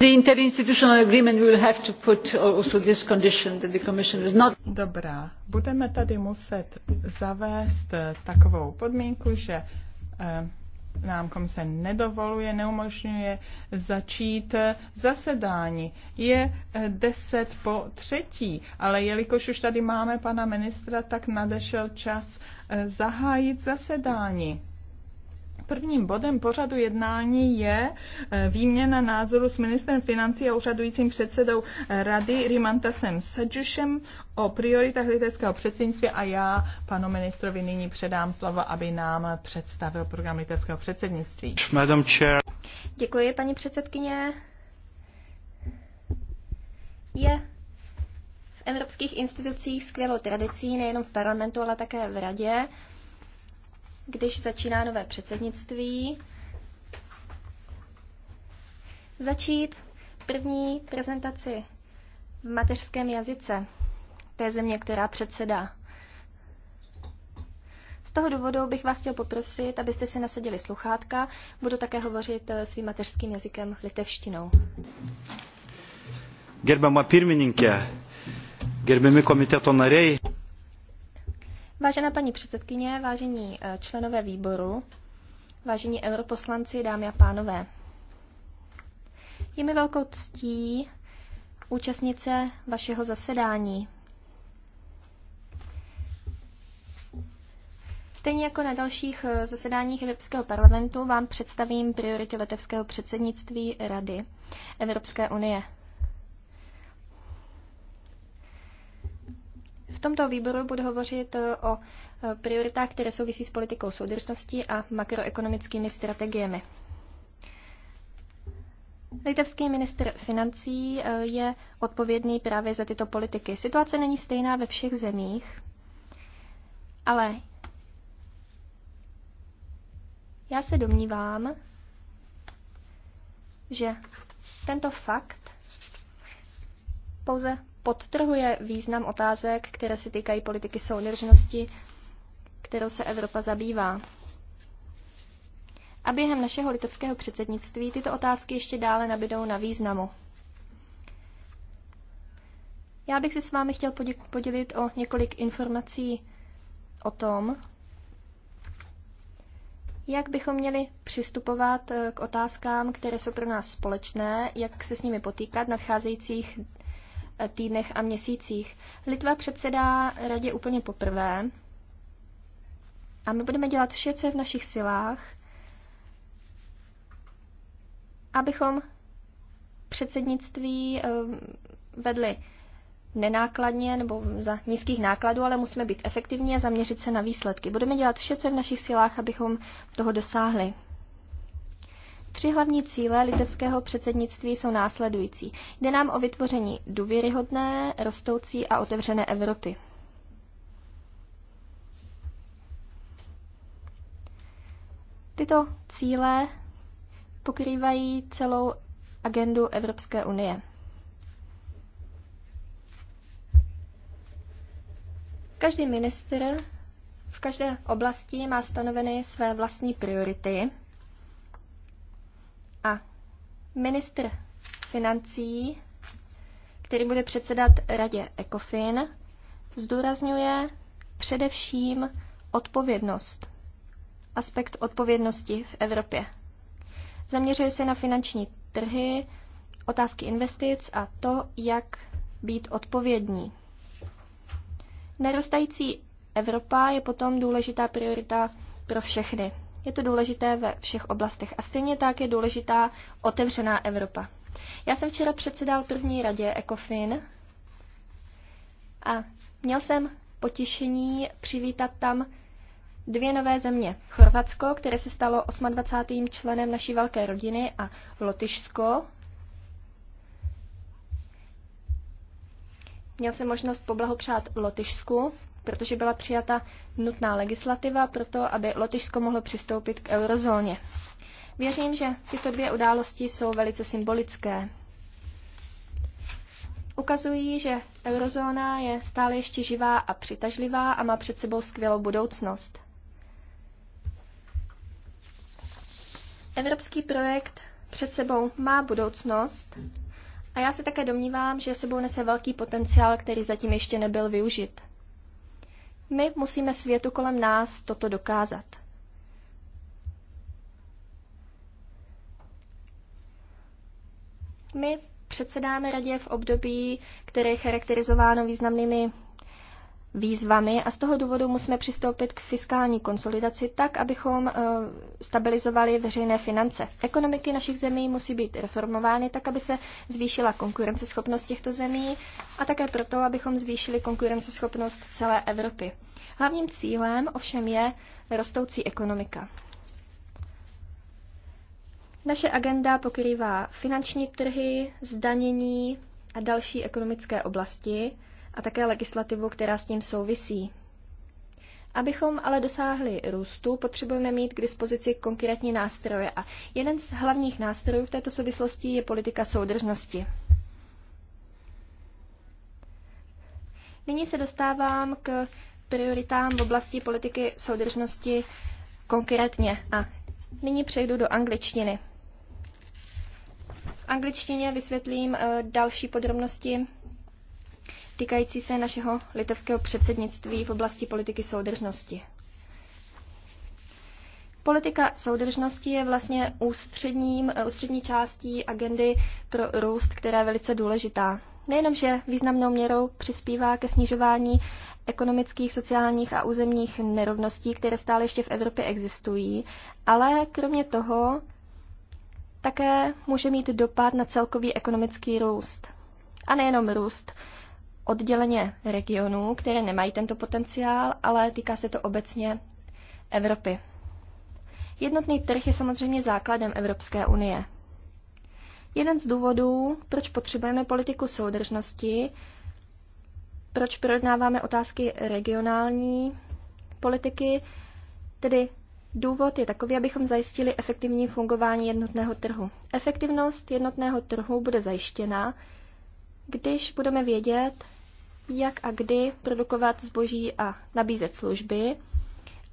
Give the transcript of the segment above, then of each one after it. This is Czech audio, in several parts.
The interinstitutional agreement will have to put also this condition that the commission is not Dobrá, budeme tady muset zavést eh, takovou podmínku, že eh, nám komise nedovoluje, neumožňuje začít eh, zasedání. Je deset po třetí, ale jelikož už tady máme pana ministra, tak nadešel čas zahájit zasedání. Prvním bodem pořadu jednání je eh, výměna názoru s ministrem financí a úřadujícím předsedou eh, rady Rimantasem Sadžušem o prioritách litevského předsednictví a já panu ministrovi nyní předám slovo, aby nám představil program litevského předsednictví. Madam Chair. Děkuji, paní předsedkyně. Je v evropských institucích skvělou tradicí, nejenom v parlamentu, ale také v radě, když začíná nové předsednictví, začít první prezentaci v mateřském jazyce té země, která předsedá. Z toho důvodu bych vás chtěl poprosit, abyste si nasadili sluchátka. Budu také hovořit eh, svým mateřským jazykem litevštinou. Gerbama pirmininkė, gerbiami komiteto nariai. Vážená paní předsedkyně, vážení eh, členové výboru, vážení europoslanci, dámy a pánové. Je mi velkou ctí účastnice vašeho zasedání. Stejně jako na dalších eh, zasedáních Evropského parlamentu vám představím priority letevského předsednictví Rady Evropské unie V tomto výboru budu hovořit eh, o eh, prioritách, které souvisí s politikou soudržnosti a makroekonomickými strategiemi. Litevský minister financí eh, je odpovědný právě za tyto politiky. Situace není stejná ve všech zemích, ale já se domnívám, že tento fakt pouze podtrhuje význam otázek, které se týkají politiky soudržnosti, kterou se Evropa zabývá. A během našeho litovského předsednictví tyto otázky ještě dále nabidou na významu. Já bych se s vámi chtěl podělit o několik informací o tom, jak bychom měli přistupovat eh, k otázkám, které jsou pro nás společné, jak se s nimi potýkat v nadcházejících týdnech a měsících. Litva předsedá radě úplně poprvé a my budeme dělat vše, co je v našich silách, abychom předsednictví ehm, vedli nenákladně nebo za nízkých nákladů, ale musíme být efektivní a zaměřit se na výsledky. Budeme dělat vše, co je v našich silách, abychom toho dosáhli. Tři hlavní cíle litevského předsednictví jsou následující. Jde nám o vytvoření důvěryhodné, rostoucí a otevřené Evropy. Tyto cíle pokrývají celou agendu Evropské unie. Každý minister v každé oblasti má stanoveny své vlastní priority ministr financí, který bude předsedat radě ECOFIN, zdůrazňuje především odpovědnost, aspekt odpovědnosti v Evropě. Zaměřuje se na finanční trhy, otázky investic a to, jak být odpovědní. Nerostající Evropa je potom důležitá priorita pro všechny. Je to důležité ve všech oblastech a stejně tak je důležitá otevřená Evropa. Já jsem včera předsedal první radě ECOFIN a měl jsem potěšení přivítat tam dvě nové země. Chorvatsko, které se stalo 28. členem naší velké rodiny a Lotyšsko. Měl jsem možnost poblahopřát Lotyšsku protože byla přijata nutná legislativa pro to, aby Lotyšsko mohlo přistoupit k eurozóně. Věřím, že tyto dvě události jsou velice symbolické. Ukazují, že eurozóna je stále ještě živá a přitažlivá a má před sebou skvělou budoucnost. Evropský projekt před sebou má budoucnost a já se také domnívám, že sebou nese velký potenciál, který zatím ještě nebyl využit. My musíme světu kolem nás toto dokázat. My předsedáme radě v období, které je charakterizováno významnými výzvami a z toho důvodu musíme přistoupit k fiskální konsolidaci tak, abychom eh, stabilizovali veřejné finance. Ekonomiky našich zemí musí být reformovány tak, aby se zvýšila konkurenceschopnost těchto zemí a také proto, abychom zvýšili konkurenceschopnost celé Evropy. Hlavním cílem ovšem je rostoucí ekonomika. Naše agenda pokrývá finanční trhy, zdanění a další ekonomické oblasti a také legislativu, která s tím souvisí. Abychom ale dosáhli růstu, potřebujeme mít k dispozici konkrétní nástroje a jeden z hlavních nástrojů v této souvislosti je politika soudržnosti. Nyní se dostávám k prioritám v oblasti politiky soudržnosti konkrétně a nyní přejdu do angličtiny. V angličtině vysvětlím eh, další podrobnosti týkající se našeho litevského předsednictví v oblasti politiky soudržnosti. Politika soudržnosti je vlastně ústředním, eh, ústřední částí agendy pro růst, která je velice důležitá. Nejenom, že významnou měrou přispívá ke snižování ekonomických, sociálních a územních nerovností, které stále ještě v Evropě existují, ale kromě toho také může mít dopad na celkový ekonomický růst. A nejenom růst odděleně regionů, které nemají tento potenciál, ale týká se to obecně Evropy. Jednotný trh je samozřejmě základem Evropské unie. Jeden z důvodů, proč potřebujeme politiku soudržnosti, proč projednáváme otázky regionální politiky, tedy důvod je takový, abychom zajistili efektivní fungování jednotného trhu. Efektivnost jednotného trhu bude zajištěna, když budeme vědět, jak a kdy produkovat zboží a nabízet služby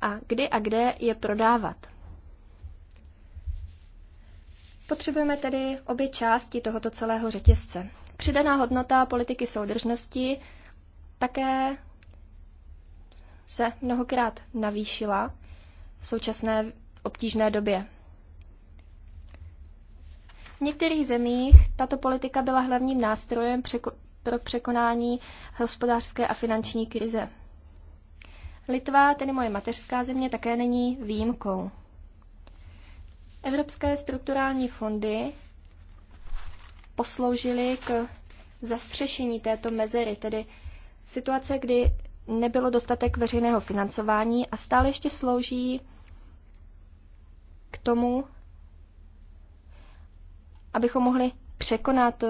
a kdy a kde je prodávat. Potřebujeme tedy obě části tohoto celého řetězce. Přidaná hodnota politiky soudržnosti také se mnohokrát navýšila v současné obtížné době. V některých zemích tato politika byla hlavním nástrojem pro překonání hospodářské a finanční krize. Litva, tedy moje mateřská země, také není výjimkou. Evropské strukturální fondy posloužily k zastřešení této mezery, tedy situace, kdy nebylo dostatek veřejného financování a stále ještě slouží k tomu, abychom mohli překonat eh,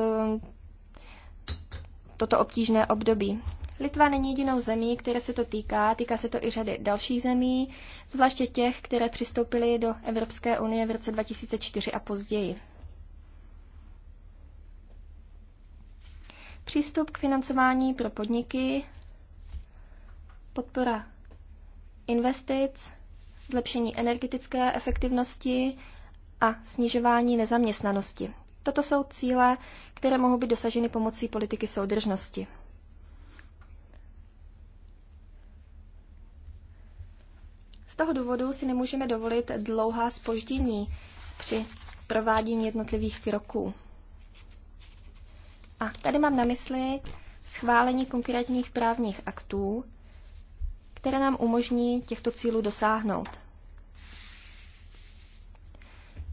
toto obtížné období. Litva není jedinou zemí, které se to týká, týká se to i řady dalších zemí, zvláště těch, které přistoupily do Evropské unie v roce 2004 a později. Přístup k financování pro podniky, podpora investic, zlepšení energetické efektivnosti a snižování nezaměstnanosti. Toto jsou cíle, které mohou být dosaženy pomocí politiky soudržnosti. Z toho důvodu si nemůžeme dovolit dlouhá spoždění při provádění jednotlivých kroků. A tady mám na mysli schválení konkrétních právních aktů, které nám umožní těchto cílů dosáhnout.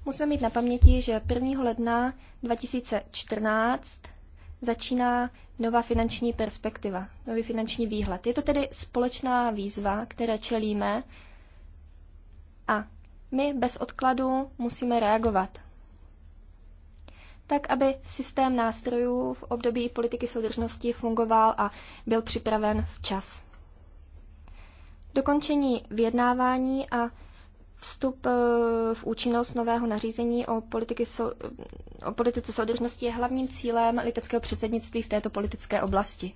Musíme mít na paměti, že 1. ledna 2014 začíná nová finanční perspektiva, nový finanční výhled. Je to tedy společná výzva, které čelíme a my bez odkladu musíme reagovat. Tak, aby systém nástrojů v období politiky soudržnosti fungoval a byl připraven včas. Dokončení vyjednávání a Vstup eh, v účinnost nového nařízení o, politiky, o politice soudržnosti je hlavním cílem litevského předsednictví v této politické oblasti.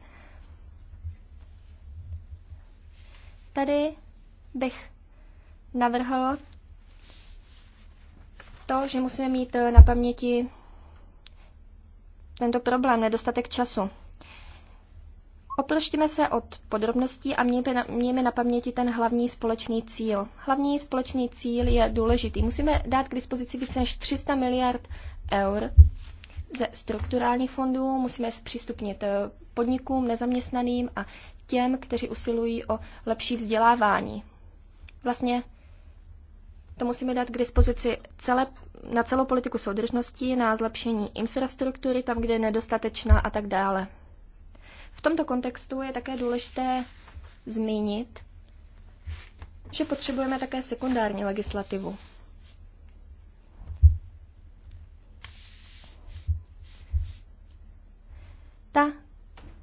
Tady bych navrhl to, že musíme mít eh, na paměti tento problém, nedostatek času. Oproštíme se od podrobností a mějme na, mějme na paměti ten hlavní společný cíl. Hlavní společný cíl je důležitý. Musíme dát k dispozici více než 300 miliard eur ze strukturálních fondů, musíme zpřístupnit eh, podnikům, nezaměstnaným a těm, kteří usilují o lepší vzdělávání. Vlastně to musíme dát k dispozici celé, na celou politiku soudržnosti, na zlepšení infrastruktury tam, kde je nedostatečná a tak dále. V tomto kontextu je také důležité zmínit, že potřebujeme také sekundární legislativu. Ta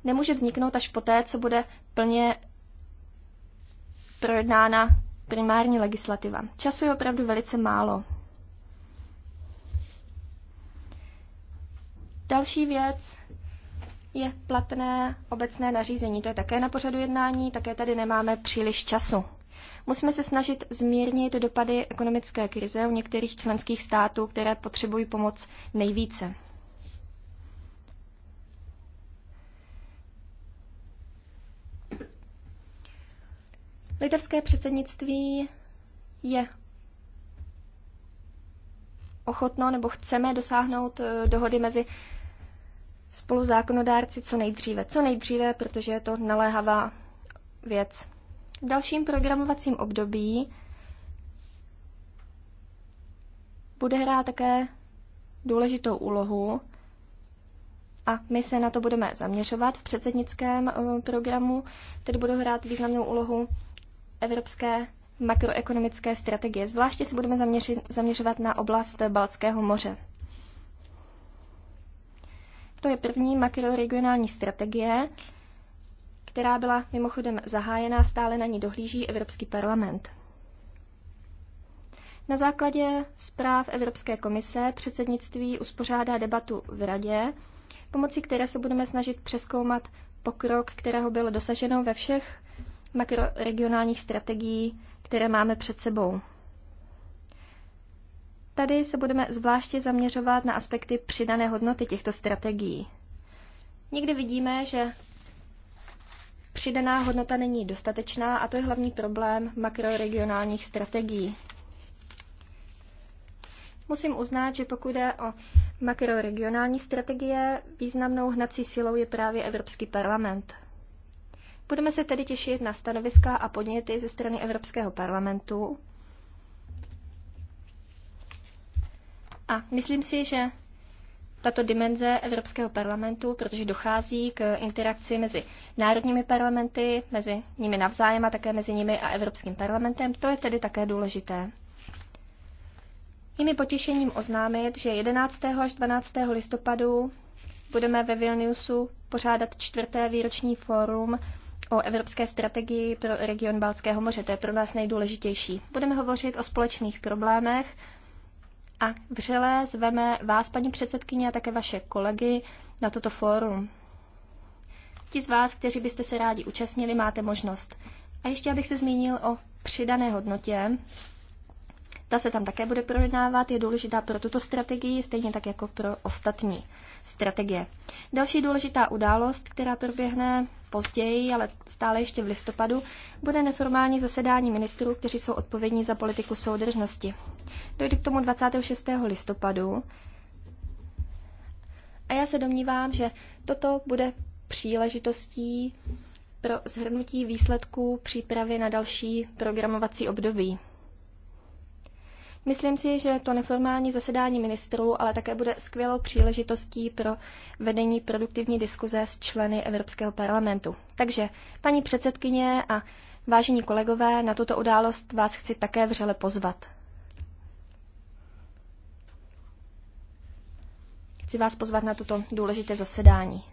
nemůže vzniknout až poté, co bude plně projednána primární legislativa. Času je opravdu velice málo. Další věc je platné obecné nařízení. To je také na pořadu jednání, také tady nemáme příliš času. Musíme se snažit zmírnit dopady ekonomické krize u některých členských států, které potřebují pomoc nejvíce. Litevské předsednictví je ochotno nebo chceme dosáhnout eh, dohody mezi spoluzákonodárci co nejdříve. Co nejdříve, protože je to naléhavá věc. V dalším programovacím období bude hrát také důležitou úlohu a my se na to budeme zaměřovat v předsednickém eh, programu, tedy budou hrát významnou úlohu evropské makroekonomické strategie. Zvláště se budeme zaměřit, zaměřovat na oblast Balckého moře. To je první makroregionální strategie, která byla mimochodem zahájená, stále na ní dohlíží Evropský parlament. Na základě zpráv Evropské komise předsednictví uspořádá debatu v Radě, pomocí které se budeme snažit přeskoumat pokrok, kterého bylo dosaženo ve všech makroregionálních strategií, které máme před sebou. Tady se budeme zvláště zaměřovat na aspekty přidané hodnoty těchto strategií. Někdy vidíme, že přidaná hodnota není dostatečná a to je hlavní problém makroregionálních strategií. Musím uznat, že pokud jde o makroregionální strategie, významnou hnací silou je právě Evropský parlament. Budeme se tedy těšit na stanoviska a podněty ze strany Evropského parlamentu A myslím si, že tato dimenze Evropského parlamentu, protože dochází k interakci mezi národními parlamenty, mezi nimi navzájem a také mezi nimi a Evropským parlamentem, to je tedy také důležité. Je potěšením oznámit, že 11. až 12. listopadu budeme ve Vilniusu pořádat čtvrté výroční fórum o evropské strategii pro region Balckého moře. To je pro nás nejdůležitější. Budeme hovořit o společných problémech, a vřele zveme vás, paní předsedkyně, a také vaše kolegy na toto fórum. Ti z vás, kteří byste se rádi účastnili, máte možnost. A ještě abych se zmínil o přidané hodnotě ta se tam také bude projednávat, je důležitá pro tuto strategii, stejně tak jako pro ostatní strategie. Další důležitá událost, která proběhne později, ale stále ještě v listopadu, bude neformální zasedání ministrů, kteří jsou odpovědní za politiku soudržnosti. Dojde k tomu 26. listopadu. A já se domnívám, že toto bude příležitostí pro zhrnutí výsledků přípravy na další programovací období. Myslím si, že to neformální zasedání ministrů, ale také bude skvělou příležitostí pro vedení produktivní diskuze s členy Evropského parlamentu. Takže, paní předsedkyně a vážení kolegové, na tuto událost vás chci také vřele pozvat. Chci vás pozvat na toto důležité zasedání.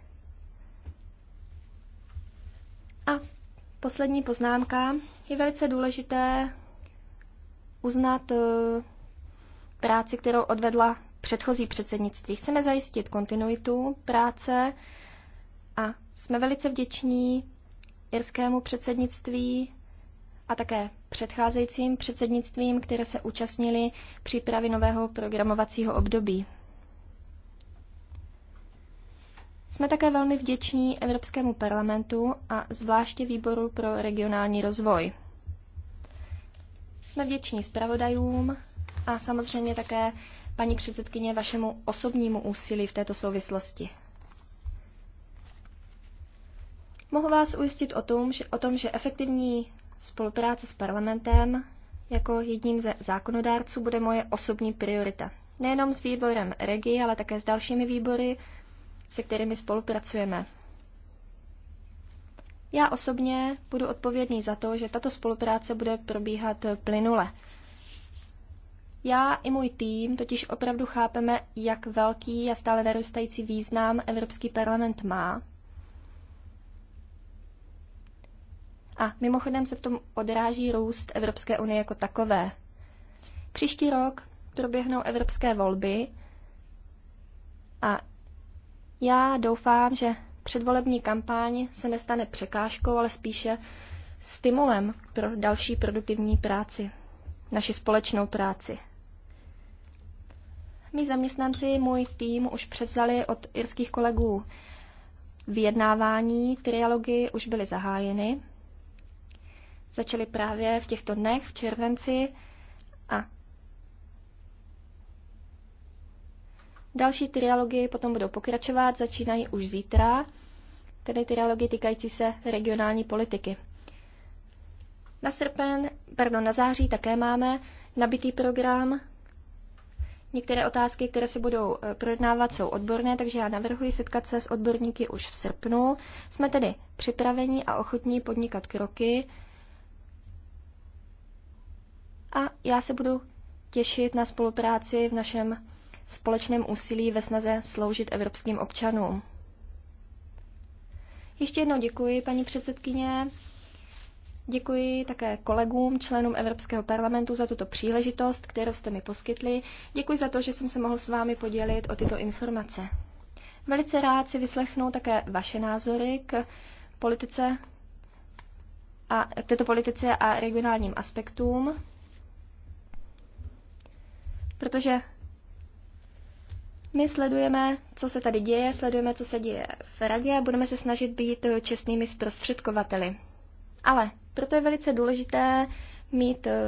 A poslední poznámka. Je velice důležité uznat eh, práci, kterou odvedla předchozí předsednictví. Chceme zajistit kontinuitu práce a jsme velice vděční irskému předsednictví a také předcházejícím předsednictvím, které se účastnili přípravy nového programovacího období. Jsme také velmi vděční Evropskému parlamentu a zvláště výboru pro regionální rozvoj. Jsme vděční zpravodajům a samozřejmě také paní předsedkyně vašemu osobnímu úsilí v této souvislosti. Mohu vás ujistit o tom, že, o tom, že efektivní spolupráce s parlamentem jako jedním ze zákonodárců bude moje osobní priorita. Nejenom s výborem REGI, ale také s dalšími výbory, se kterými spolupracujeme. Já osobně budu odpovědný za to, že tato spolupráce bude probíhat plynule. Já i můj tým totiž opravdu chápeme, jak velký a stále narůstající význam Evropský parlament má. A mimochodem se v tom odráží růst Evropské unie jako takové. Příští rok proběhnou evropské volby a já doufám, že předvolební kampaň se nestane překážkou, ale spíše stimulem pro další produktivní práci, naši společnou práci. Mí zaměstnanci, můj tým už převzali od irských kolegů vyjednávání, trialogy už byly zahájeny. Začaly právě v těchto dnech, v červenci, Další trialogie potom budou pokračovat, začínají už zítra, tedy trialogie týkající se regionální politiky. Na srpen, pardon, na září také máme nabitý program. Některé otázky, které se budou eh, projednávat, jsou odborné, takže já navrhuji setkat se s odborníky už v srpnu. Jsme tedy připraveni a ochotní podnikat kroky. A já se budu těšit na spolupráci v našem společném úsilí ve snaze sloužit evropským občanům. Ještě jednou děkuji, paní předsedkyně. Děkuji také kolegům, členům Evropského parlamentu za tuto příležitost, kterou jste mi poskytli. Děkuji za to, že jsem se mohl s vámi podělit o tyto informace. Velice rád si vyslechnu také vaše názory k politice a k této politice a regionálním aspektům, protože my sledujeme, co se tady děje, sledujeme, co se děje v radě a budeme se snažit být čestnými zprostředkovateli. Ale proto je velice důležité mít eh,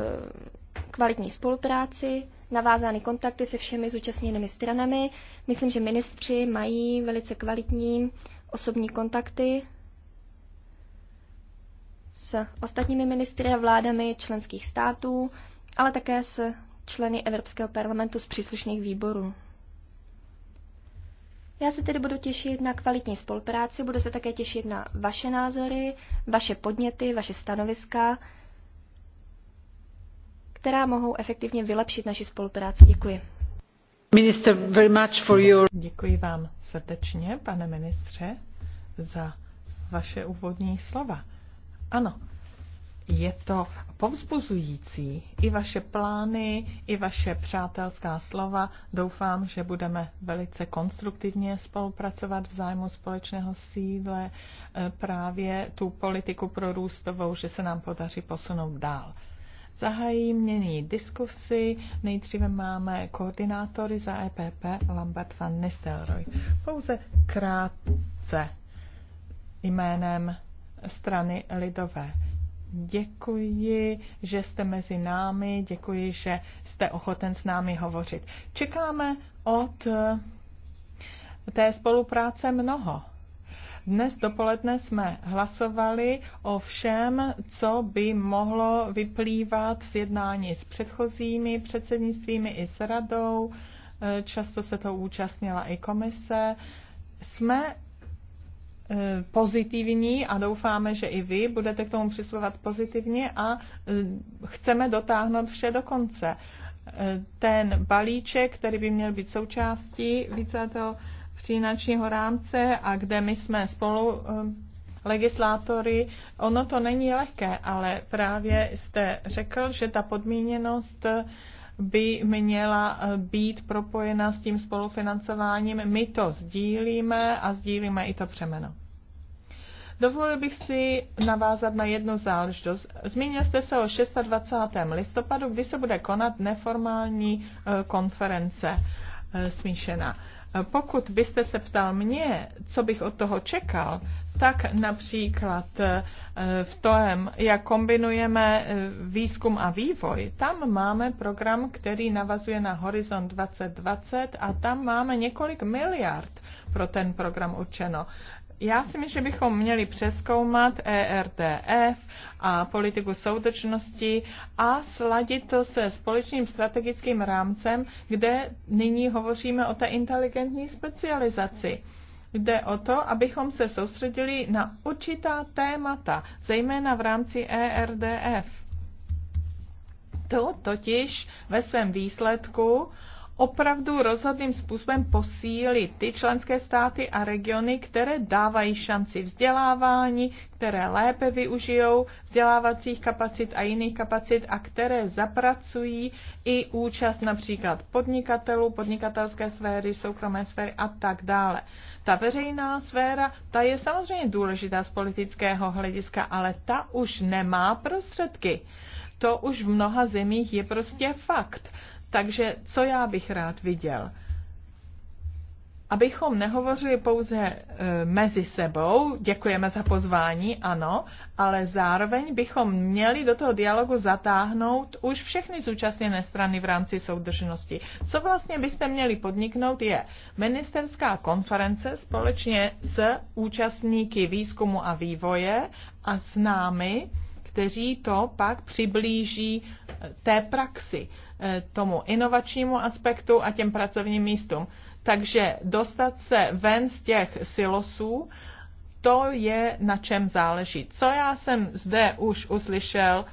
kvalitní spolupráci, navázány kontakty se všemi zúčastněnými stranami. Myslím, že ministři mají velice kvalitní osobní kontakty s ostatními ministry a vládami členských států, ale také s členy Evropského parlamentu z příslušných výborů. Já se tedy budu těšit na kvalitní spolupráci, budu se také těšit na vaše názory, vaše podněty, vaše stanoviska, která mohou efektivně vylepšit naši spolupráci. Děkuji. Minister, very much for your... Děkuji vám srdečně, pane ministře, za vaše úvodní slova. Ano, je to povzbuzující. I vaše plány, i vaše přátelská slova. Doufám, že budeme velice konstruktivně spolupracovat v zájmu společného síle e, právě tu politiku pro růstovou, že se nám podaří posunout dál. Zahájím mění diskusy. Nejdříve máme koordinátory za EPP Lambert van Nistelrooy. Pouze krátce jménem strany Lidové Děkuji, že jste mezi námi, děkuji, že jste ochoten s námi hovořit. Čekáme od eh, té spolupráce mnoho. Dnes dopoledne jsme hlasovali o všem, co by mohlo vyplývat z jednání s předchozími předsednictvími i s radou. Eh, často se to účastnila i komise. Jsme Eh, pozitivní a doufáme, že i vy budete k tomu přistupovat pozitivně a eh, chceme dotáhnout vše do konce. Eh, ten balíček, který by měl být součástí víceletého přínačního rámce a kde my jsme spolu legislátory, ono to není lehké, ale právě jste řekl, že ta podmíněnost by měla eh, být propojena s tím spolufinancováním. My to sdílíme a sdílíme i to přemeno. Dovolil bych si navázat na jednu záležitost. Zmínil jste se o 26. listopadu, kdy se bude konat neformální eh, konference eh, smíšená. Pokud byste se ptal mě, co bych od toho čekal, tak například eh, v tom, jak kombinujeme eh, výzkum a vývoj, tam máme program, který navazuje na Horizon 2020 a tam máme několik miliard pro ten program určeno. Já si myslím, že bychom měli přeskoumat ERTF a politiku soudržnosti a sladit to se společným strategickým rámcem, kde nyní hovoříme o té inteligentní specializaci jde o to, abychom se soustředili na určitá témata, zejména v rámci ERDF. To totiž ve svém výsledku opravdu rozhodným způsobem posílit ty členské státy a regiony, které dávají šanci vzdělávání, které lépe využijou vzdělávacích kapacit a jiných kapacit a které zapracují i účast například podnikatelů, podnikatelské sféry, soukromé sféry a tak dále. Ta veřejná sféra, ta je samozřejmě důležitá z politického hlediska, ale ta už nemá prostředky. To už v mnoha zemích je prostě fakt takže co já bych rád viděl? Abychom nehovořili pouze e, mezi sebou, děkujeme za pozvání, ano, ale zároveň bychom měli do toho dialogu zatáhnout už všechny zúčastněné strany v rámci soudržnosti. Co vlastně byste měli podniknout je ministerská konference společně s účastníky výzkumu a vývoje a s námi, kteří to pak přiblíží e, té praxi Eh, tomu inovačnímu aspektu a těm pracovním místům. Takže dostat se ven z těch silosů, to je na čem záleží. Co já jsem zde už uslyšel,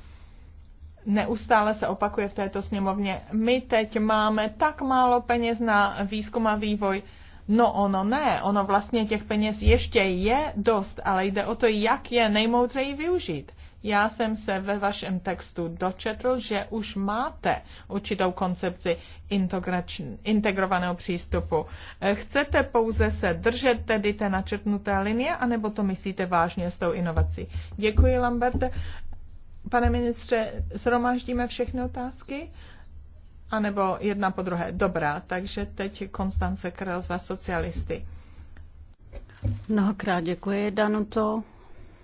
neustále se opakuje v této sněmovně, my teď máme tak málo peněz na výzkum a vývoj, No ono ne, ono vlastně těch peněz ještě je dost, ale jde o to, jak je nejmoudřeji využít. Já jsem se ve vašem textu dočetl, že už máte určitou koncepci integrovaného přístupu. Eh, chcete pouze se držet tedy té načrtnuté linie, anebo to myslíte vážně s tou inovací? Děkuji, Lambert. Pane ministře, sromáždíme všechny otázky? A nebo jedna po druhé. Dobrá, takže teď Konstance Krel za socialisty. Mnohokrát děkuji, Danuto.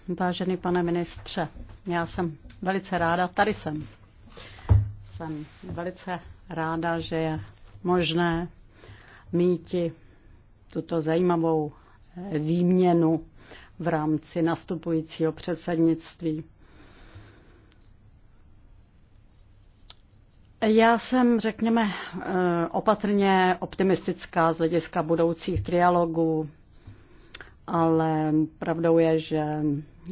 Vážený pane ministře, já jsem velice ráda, tady jsem. Jsem velice ráda, že je možné mít tuto zajímavou eh, výměnu v rámci nastupujícího předsednictví. Já jsem, řekněme, eh, opatrně optimistická z hlediska budoucích trialogů, ale pravdou je, že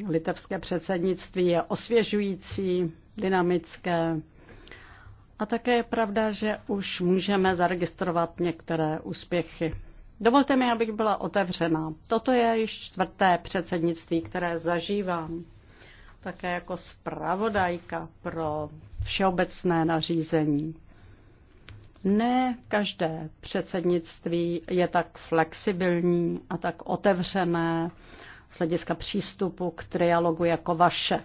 litevské předsednictví je osvěžující, dynamické. A také je pravda, že už můžeme zaregistrovat některé úspěchy. Dovolte mi, abych byla otevřená. Toto je již čtvrté předsednictví, které zažívám. Také jako spravodajka pro všeobecné nařízení. Ne každé předsednictví je tak flexibilní a tak otevřené z hlediska přístupu k trialogu jako vaše.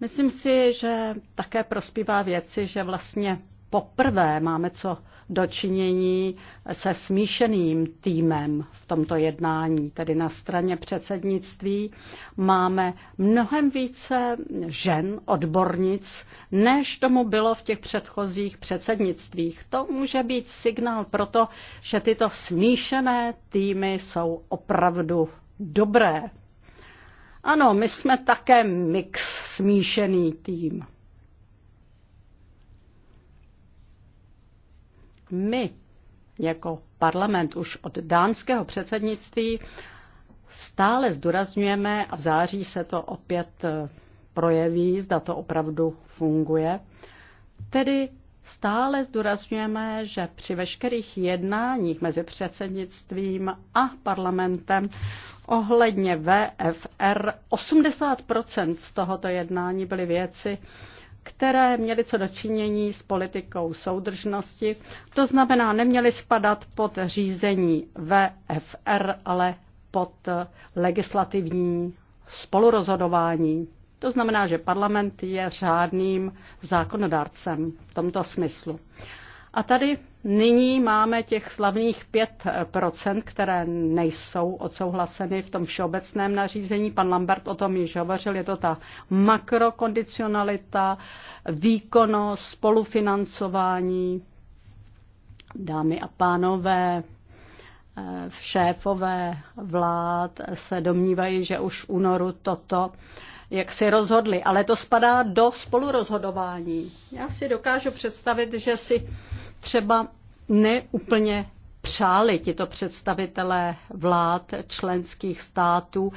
Myslím si, že také prospívá věci, že vlastně poprvé máme co dočinění se smíšeným týmem v tomto jednání. Tedy na straně předsednictví máme mnohem více žen, odbornic, než tomu bylo v těch předchozích předsednictvích. To může být signál pro to, že tyto smíšené týmy jsou opravdu dobré. Ano, my jsme také mix, smíšený tým. My jako parlament už od dánského předsednictví stále zdůrazňujeme a v září se to opět eh, projeví, zda to opravdu funguje. Tedy stále zdůrazňujeme, že při veškerých jednáních mezi předsednictvím a parlamentem Ohledně VFR 80% z tohoto jednání byly věci, které měly co dočinění s politikou soudržnosti. To znamená, neměly spadat pod řízení VFR, ale pod legislativní spolurozhodování. To znamená, že parlament je řádným zákonodárcem v tomto smyslu. A tady Nyní máme těch slavných 5%, eh, které nejsou odsouhlaseny v tom všeobecném nařízení. Pan Lambert o tom již hovořil, je to ta makrokondicionalita, výkonnost, spolufinancování. Dámy a pánové, eh, šéfové vlád se domnívají, že už v únoru toto jak si rozhodli, ale to spadá do spolurozhodování. Já si dokážu představit, že si třeba neúplně přáli tito představitelé vlád členských států,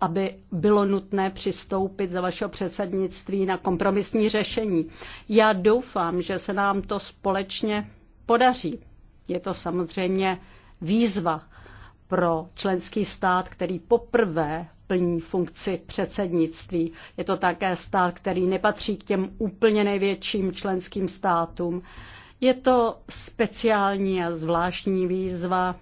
aby bylo nutné přistoupit za vašeho předsednictví na kompromisní řešení. Já doufám, že se nám to společně podaří. Je to samozřejmě výzva pro členský stát, který poprvé plní funkci předsednictví. Je to také stát, který nepatří k těm úplně největším členským státům. Je to speciální a zvláštní výzva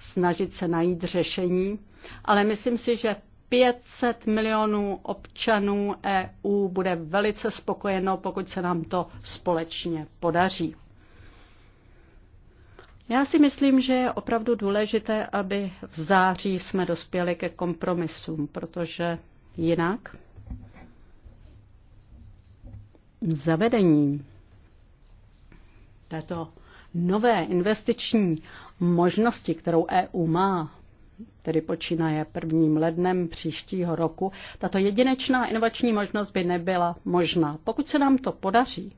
snažit se najít řešení, ale myslím si, že 500 milionů občanů EU bude velice spokojeno, pokud se nám to společně podaří. Já si myslím, že je opravdu důležité, aby v září jsme dospěli ke kompromisům, protože jinak zavedením této nové investiční možnosti, kterou EU má, tedy počínaje prvním lednem příštího roku, tato jedinečná inovační možnost by nebyla možná. Pokud se nám to podaří,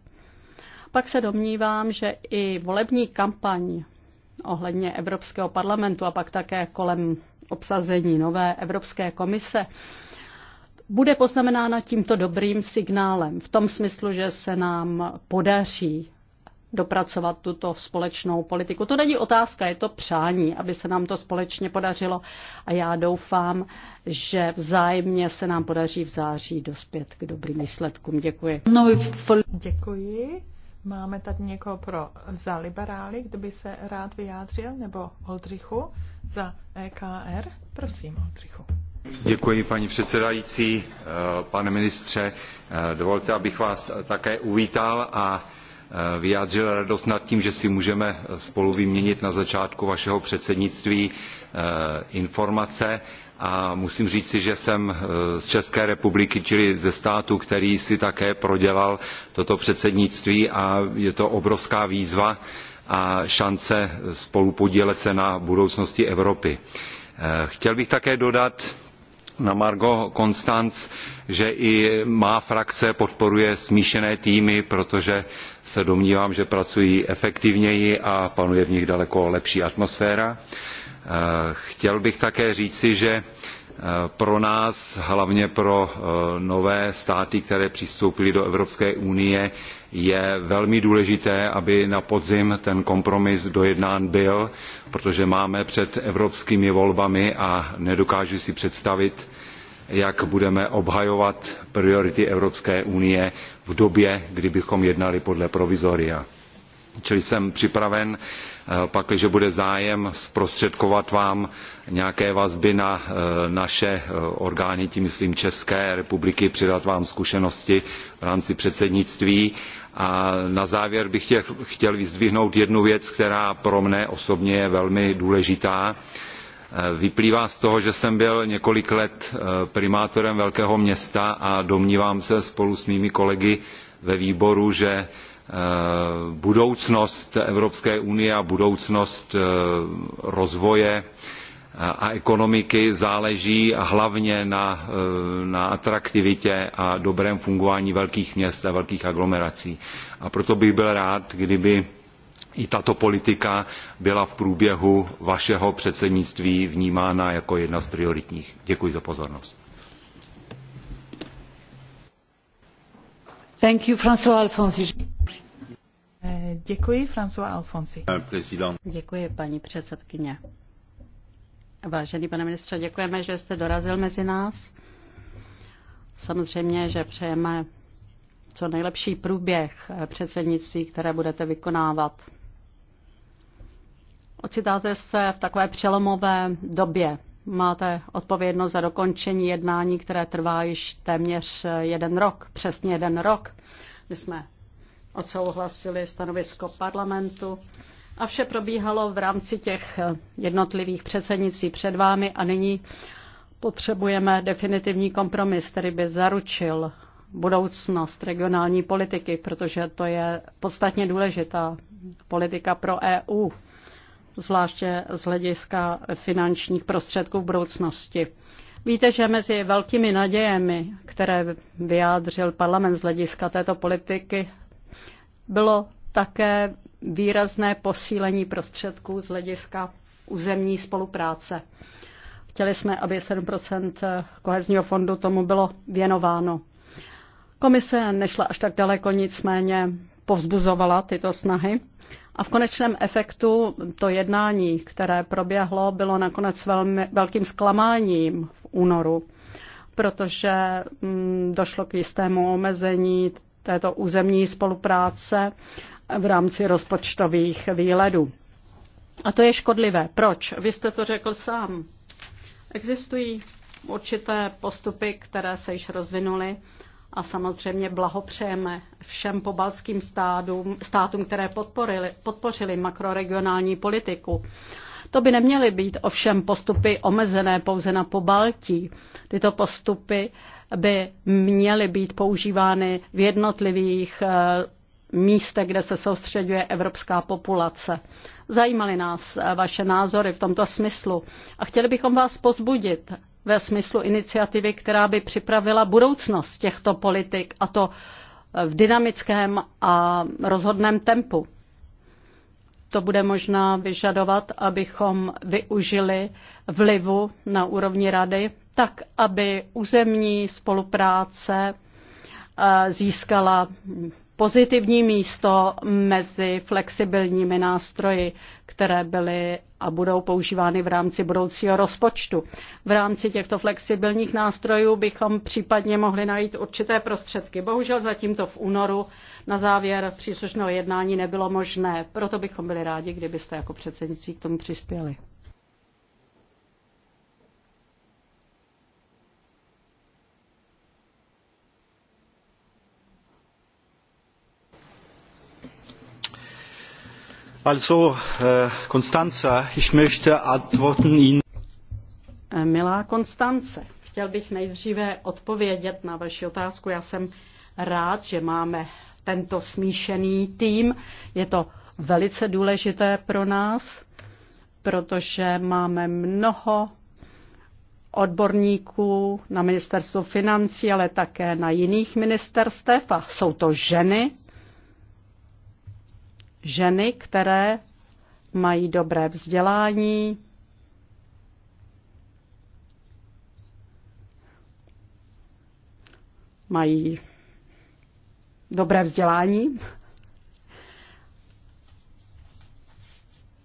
pak se domnívám, že i volební kampaň ohledně Evropského parlamentu a pak také kolem obsazení nové Evropské komise bude poznamenána tímto dobrým signálem v tom smyslu, že se nám podaří dopracovat tuto společnou politiku. To není otázka, je to přání, aby se nám to společně podařilo a já doufám, že vzájemně se nám podaří v září dospět k dobrým výsledkům. Děkuji. No, děkuji. Máme tady někoho pro za liberály, kdo by se rád vyjádřil, nebo Oldřichu za EKR. Prosím, Oldřichu. Děkuji, paní předsedající, eh, pane ministře. Eh, dovolte, abych vás také uvítal a Eh, vyjádřil radost nad tím, že si můžeme spolu vyměnit na začátku vašeho předsednictví eh, informace a musím říci, že jsem eh, z České republiky, čili ze státu, který si také prodělal toto předsednictví a je to obrovská výzva a šance spolupodílet se na budoucnosti Evropy. Chtěl bych také dodat, na margo Konstanc, že i má frakce podporuje smíšené týmy, protože se domnívám, že pracují efektivněji a panuje v nich daleko lepší atmosféra. Eh, chtěl bych také říci, že eh, pro nás, hlavně pro eh, nové státy, které přistoupily do Evropské unie, je velmi důležité aby na podzim ten kompromis dojednán byl protože máme před evropskými volbami a nedokážu si představit jak budeme obhajovat priority evropské unie v době kdy bychom jednali podle provizoria. čili jsem připraven eh, pakliže bude zájem zprostředkovat vám nějaké vazby na eh, naše eh, orgány tím myslím české republiky předat vám zkušenosti v rámci předsednictví a na závěr bych chtěl, chtěl vyzdvihnout jednu věc, která pro mne osobně je velmi důležitá. E, vyplývá z toho, že jsem byl několik let e, primátorem velkého města a domnívám se spolu s mými kolegy ve výboru, že e, budoucnost Evropské unie a budoucnost rozvoje a ekonomiky záleží hlavně na, eh, na atraktivitě a dobrém fungování velkých měst a velkých aglomerací. A proto bych byl rád, kdyby i tato politika byla v průběhu vašeho předsednictví vnímána jako jedna z prioritních. Děkuji za pozornost. Thank you, François Alfonsi. Eh, děkuji, François Alfonsi. Děkuji, paní předsedkyně. Vážený pane ministře, děkujeme, že jste dorazil mezi nás. Samozřejmě, že přejeme co nejlepší průběh předsednictví, které budete vykonávat. Ocitáte se v takové přelomové době. Máte odpovědnost za dokončení jednání, které trvá již téměř jeden rok, přesně jeden rok. kdy jsme odsouhlasili stanovisko parlamentu a vše probíhalo v rámci těch jednotlivých předsednictví před vámi a nyní potřebujeme definitivní kompromis, který by zaručil budoucnost regionální politiky, protože to je podstatně důležitá politika pro EU, zvláště z hlediska finančních prostředků v budoucnosti. Víte, že mezi velkými nadějemi, které vyjádřil parlament z hlediska této politiky, bylo také výrazné posílení prostředků z hlediska územní spolupráce. Chtěli jsme, aby 7 kohezního fondu tomu bylo věnováno. Komise nešla až tak daleko, nicméně povzbuzovala tyto snahy. A v konečném efektu to jednání, které proběhlo, bylo nakonec velmi, velkým zklamáním v únoru, protože mm, došlo k jistému omezení této územní spolupráce v rámci rozpočtových výhledů. A to je škodlivé. Proč? Vy jste to řekl sám. Existují určité postupy, které se již rozvinuly a samozřejmě blahopřejeme všem pobalským státům, státům, které podporili, podpořili makroregionální politiku. To by neměly být ovšem postupy omezené pouze na pobaltí. Tyto postupy by měly být používány v jednotlivých eh, místech, kde se soustředuje evropská populace. Zajímaly nás eh, vaše názory v tomto smyslu a chtěli bychom vás pozbudit ve smyslu iniciativy, která by připravila budoucnost těchto politik a to eh, v dynamickém a rozhodném tempu. To bude možná vyžadovat, abychom využili vlivu na úrovni rady, tak aby územní spolupráce eh, získala pozitivní místo mezi flexibilními nástroji, které byly a budou používány v rámci budoucího rozpočtu. V rámci těchto flexibilních nástrojů bychom případně mohli najít určité prostředky. Bohužel zatím to v únoru na závěr příslušného jednání nebylo možné. Proto bychom byli rádi, kdybyste jako předsednictví k tomu přispěli. Also, eh, ich möchte antworten Ihnen. Eh, milá Konstance, chtěl bych nejdříve odpovědět na vaši otázku. Já jsem rád, že máme tento smíšený tým. Je to velice důležité pro nás, protože máme mnoho odborníků na ministerstvu financí, ale také na jiných ministerstvech. a jsou to ženy, ženy, které mají dobré vzdělání, mají dobré vzdělání.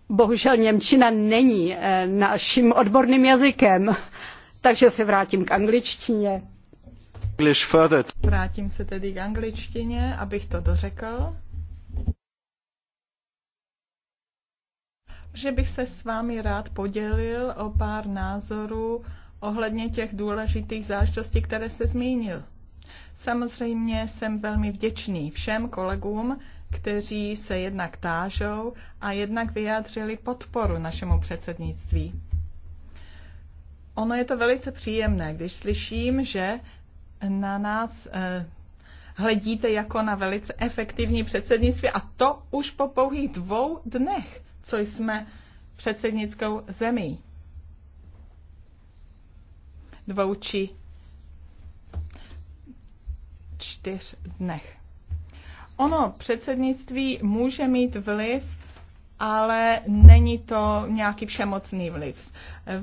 Bohužel Němčina není eh, naším odborným jazykem, takže se vrátím k angličtině. Vrátím se tedy k angličtině, abych to dořekl. že bych se s vámi rád podělil o pár názorů ohledně těch důležitých záležitostí, které se zmínil. Samozřejmě jsem velmi vděčný všem kolegům, kteří se jednak tážou a jednak vyjádřili podporu našemu předsednictví. Ono je to velice příjemné, když slyším, že na nás eh, hledíte jako na velice efektivní předsednictví a to už po pouhých dvou dnech co jsme předsednickou zemí. Dvou či čtyř dnech. Ono předsednictví může mít vliv, ale není to nějaký všemocný vliv.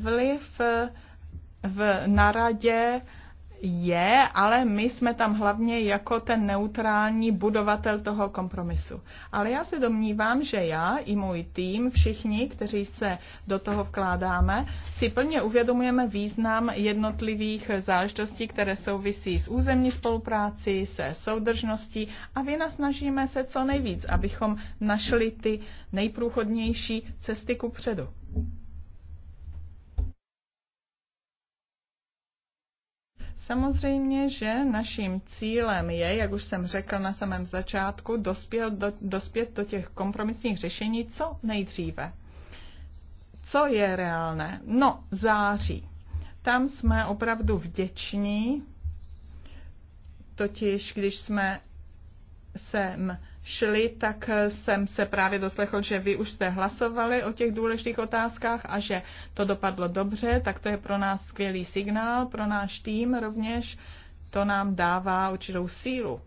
Vliv v naradě je, ale my jsme tam hlavně jako ten neutrální budovatel toho kompromisu. Ale já se domnívám, že já i můj tým, všichni, kteří se do toho vkládáme, si plně uvědomujeme význam jednotlivých záležitostí, které souvisí s územní spolupráci, se soudržností a snažíme se co nejvíc, abychom našli ty nejprůchodnější cesty ku předu. Samozřejmě, že naším cílem je, jak už jsem řekl na samém začátku, dospět do, dospět do těch kompromisních řešení co nejdříve. Co je reálné? No, září. Tam jsme opravdu vděční, totiž když jsme sem šli, tak jsem se právě doslechl, že vy už jste hlasovali o těch důležitých otázkách a že to dopadlo dobře, tak to je pro nás skvělý signál, pro náš tým rovněž, to nám dává určitou sílu.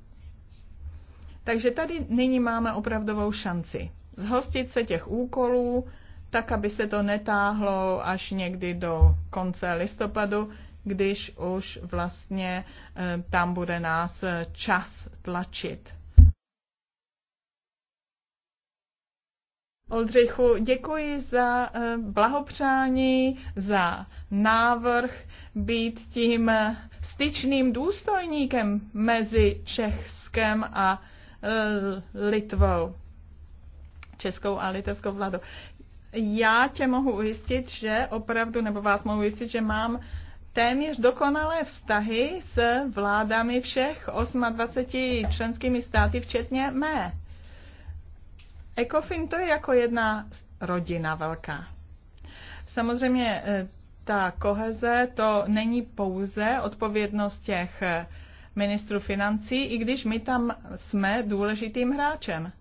Takže tady nyní máme opravdovou šanci zhostit se těch úkolů, tak aby se to netáhlo až někdy do konce listopadu, když už vlastně eh, tam bude nás eh, čas tlačit. Oldřichu, děkuji za eh, blahopřání, za návrh být tím eh, styčným důstojníkem mezi Českem a eh, Litvou, Českou a litevskou vládou. Já tě mohu ujistit, že opravdu, nebo vás mohu ujistit, že mám téměř dokonalé vztahy s vládami všech 28 členskými státy, včetně mé ECOFIN to je jako jedna rodina velká. Samozřejmě e, ta koheze to není pouze odpovědnost těch e, ministrů financí, i když my tam jsme důležitým hráčem.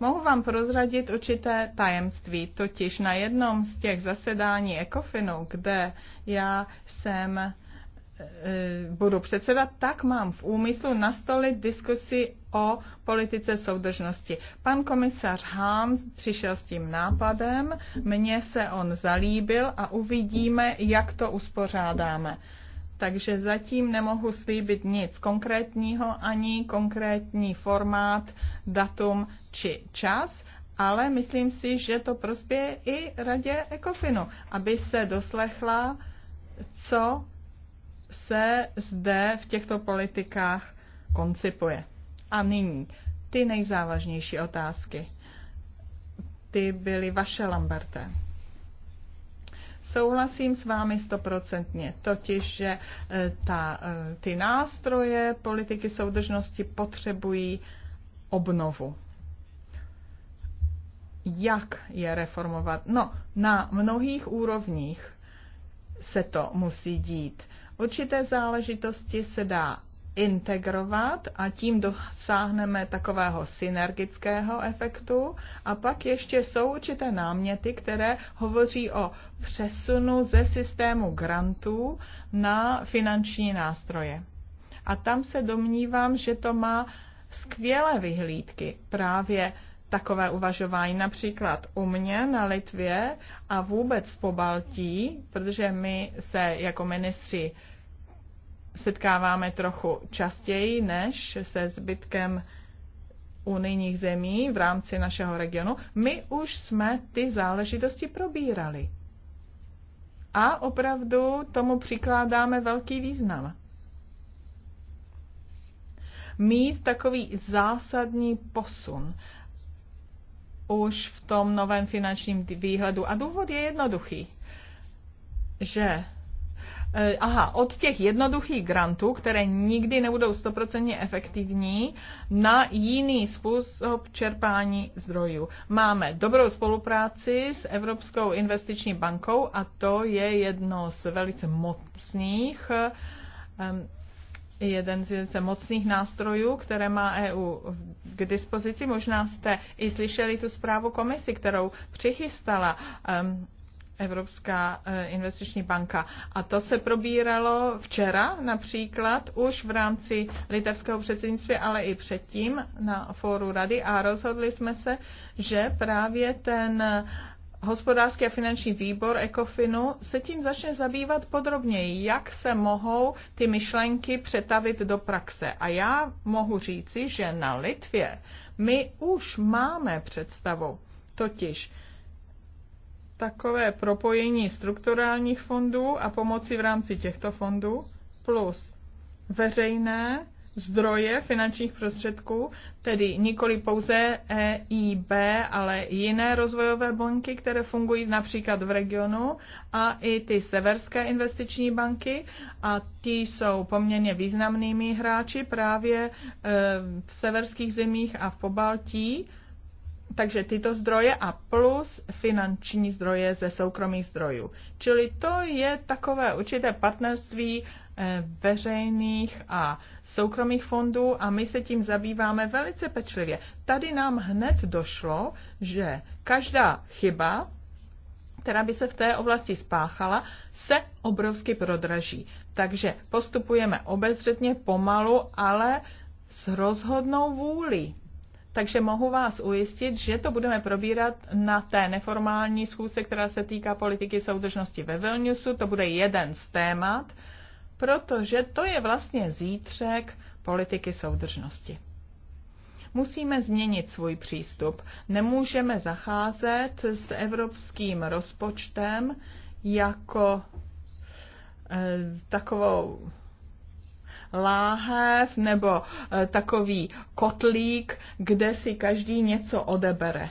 Mohu vám prozradit určité tajemství, totiž na jednom z těch zasedání Ecofinu, kde já jsem Eh, budu předsedat, tak mám v úmyslu nastolit diskusi o politice soudržnosti. Pan komisař Hám přišel s tím nápadem, mně se on zalíbil a uvidíme, jak to uspořádáme. Takže zatím nemohu slíbit nic konkrétního, ani konkrétní formát, datum či čas, ale myslím si, že to prospěje i radě Ekofinu, aby se doslechla, co se zde v těchto politikách koncipuje. A nyní ty nejzávažnější otázky. Ty byly vaše, Lamberté. Souhlasím s vámi stoprocentně, totiž, že e, ta, e, ty nástroje politiky soudržnosti potřebují obnovu. Jak je reformovat? No, na mnohých úrovních se to musí dít. Určité záležitosti se dá integrovat a tím dosáhneme takového synergického efektu. A pak ještě jsou určité náměty, které hovoří o přesunu ze systému grantů na finanční nástroje. A tam se domnívám, že to má skvělé vyhlídky právě takové uvažování například u mě na Litvě a vůbec po Baltí, protože my se jako ministři setkáváme trochu častěji než se zbytkem unijních zemí v rámci našeho regionu, my už jsme ty záležitosti probírali. A opravdu tomu přikládáme velký význam. Mít takový zásadní posun už v tom novém finančním výhledu. A důvod je jednoduchý, že Eh, aha, od těch jednoduchých grantů, které nikdy nebudou stoprocentně efektivní, na jiný způsob čerpání zdrojů. Máme dobrou spolupráci s Evropskou investiční bankou a to je jedno z velice mocných jeden z velice mocných nástrojů, které má EU k dispozici. Možná jste i slyšeli tu zprávu komisi, kterou přichystala. Evropská eh, investiční banka. A to se probíralo včera například už v rámci litevského předsednictví, ale i předtím na fóru rady a rozhodli jsme se, že právě ten eh, hospodářský a finanční výbor ECOFINu se tím začne zabývat podrobněji, jak se mohou ty myšlenky přetavit do praxe. A já mohu říci, že na Litvě my už máme představu. Totiž takové propojení strukturálních fondů a pomoci v rámci těchto fondů plus veřejné zdroje finančních prostředků, tedy nikoli pouze EIB, ale jiné rozvojové banky, které fungují například v regionu a i ty severské investiční banky a ty jsou poměrně významnými hráči právě eh, v severských zemích a v Pobaltí takže tyto zdroje a plus finanční zdroje ze soukromých zdrojů. Čili to je takové určité partnerství eh, veřejných a soukromých fondů a my se tím zabýváme velice pečlivě. Tady nám hned došlo, že každá chyba, která by se v té oblasti spáchala, se obrovsky prodraží. Takže postupujeme obezřetně, pomalu, ale s rozhodnou vůlí takže mohu vás ujistit, že to budeme probírat na té neformální schůzce, která se týká politiky soudržnosti ve Vilniusu. To bude jeden z témat, protože to je vlastně zítřek politiky soudržnosti. Musíme změnit svůj přístup. Nemůžeme zacházet s evropským rozpočtem jako e, takovou láhev nebo eh, takový kotlík, kde si každý něco odebere.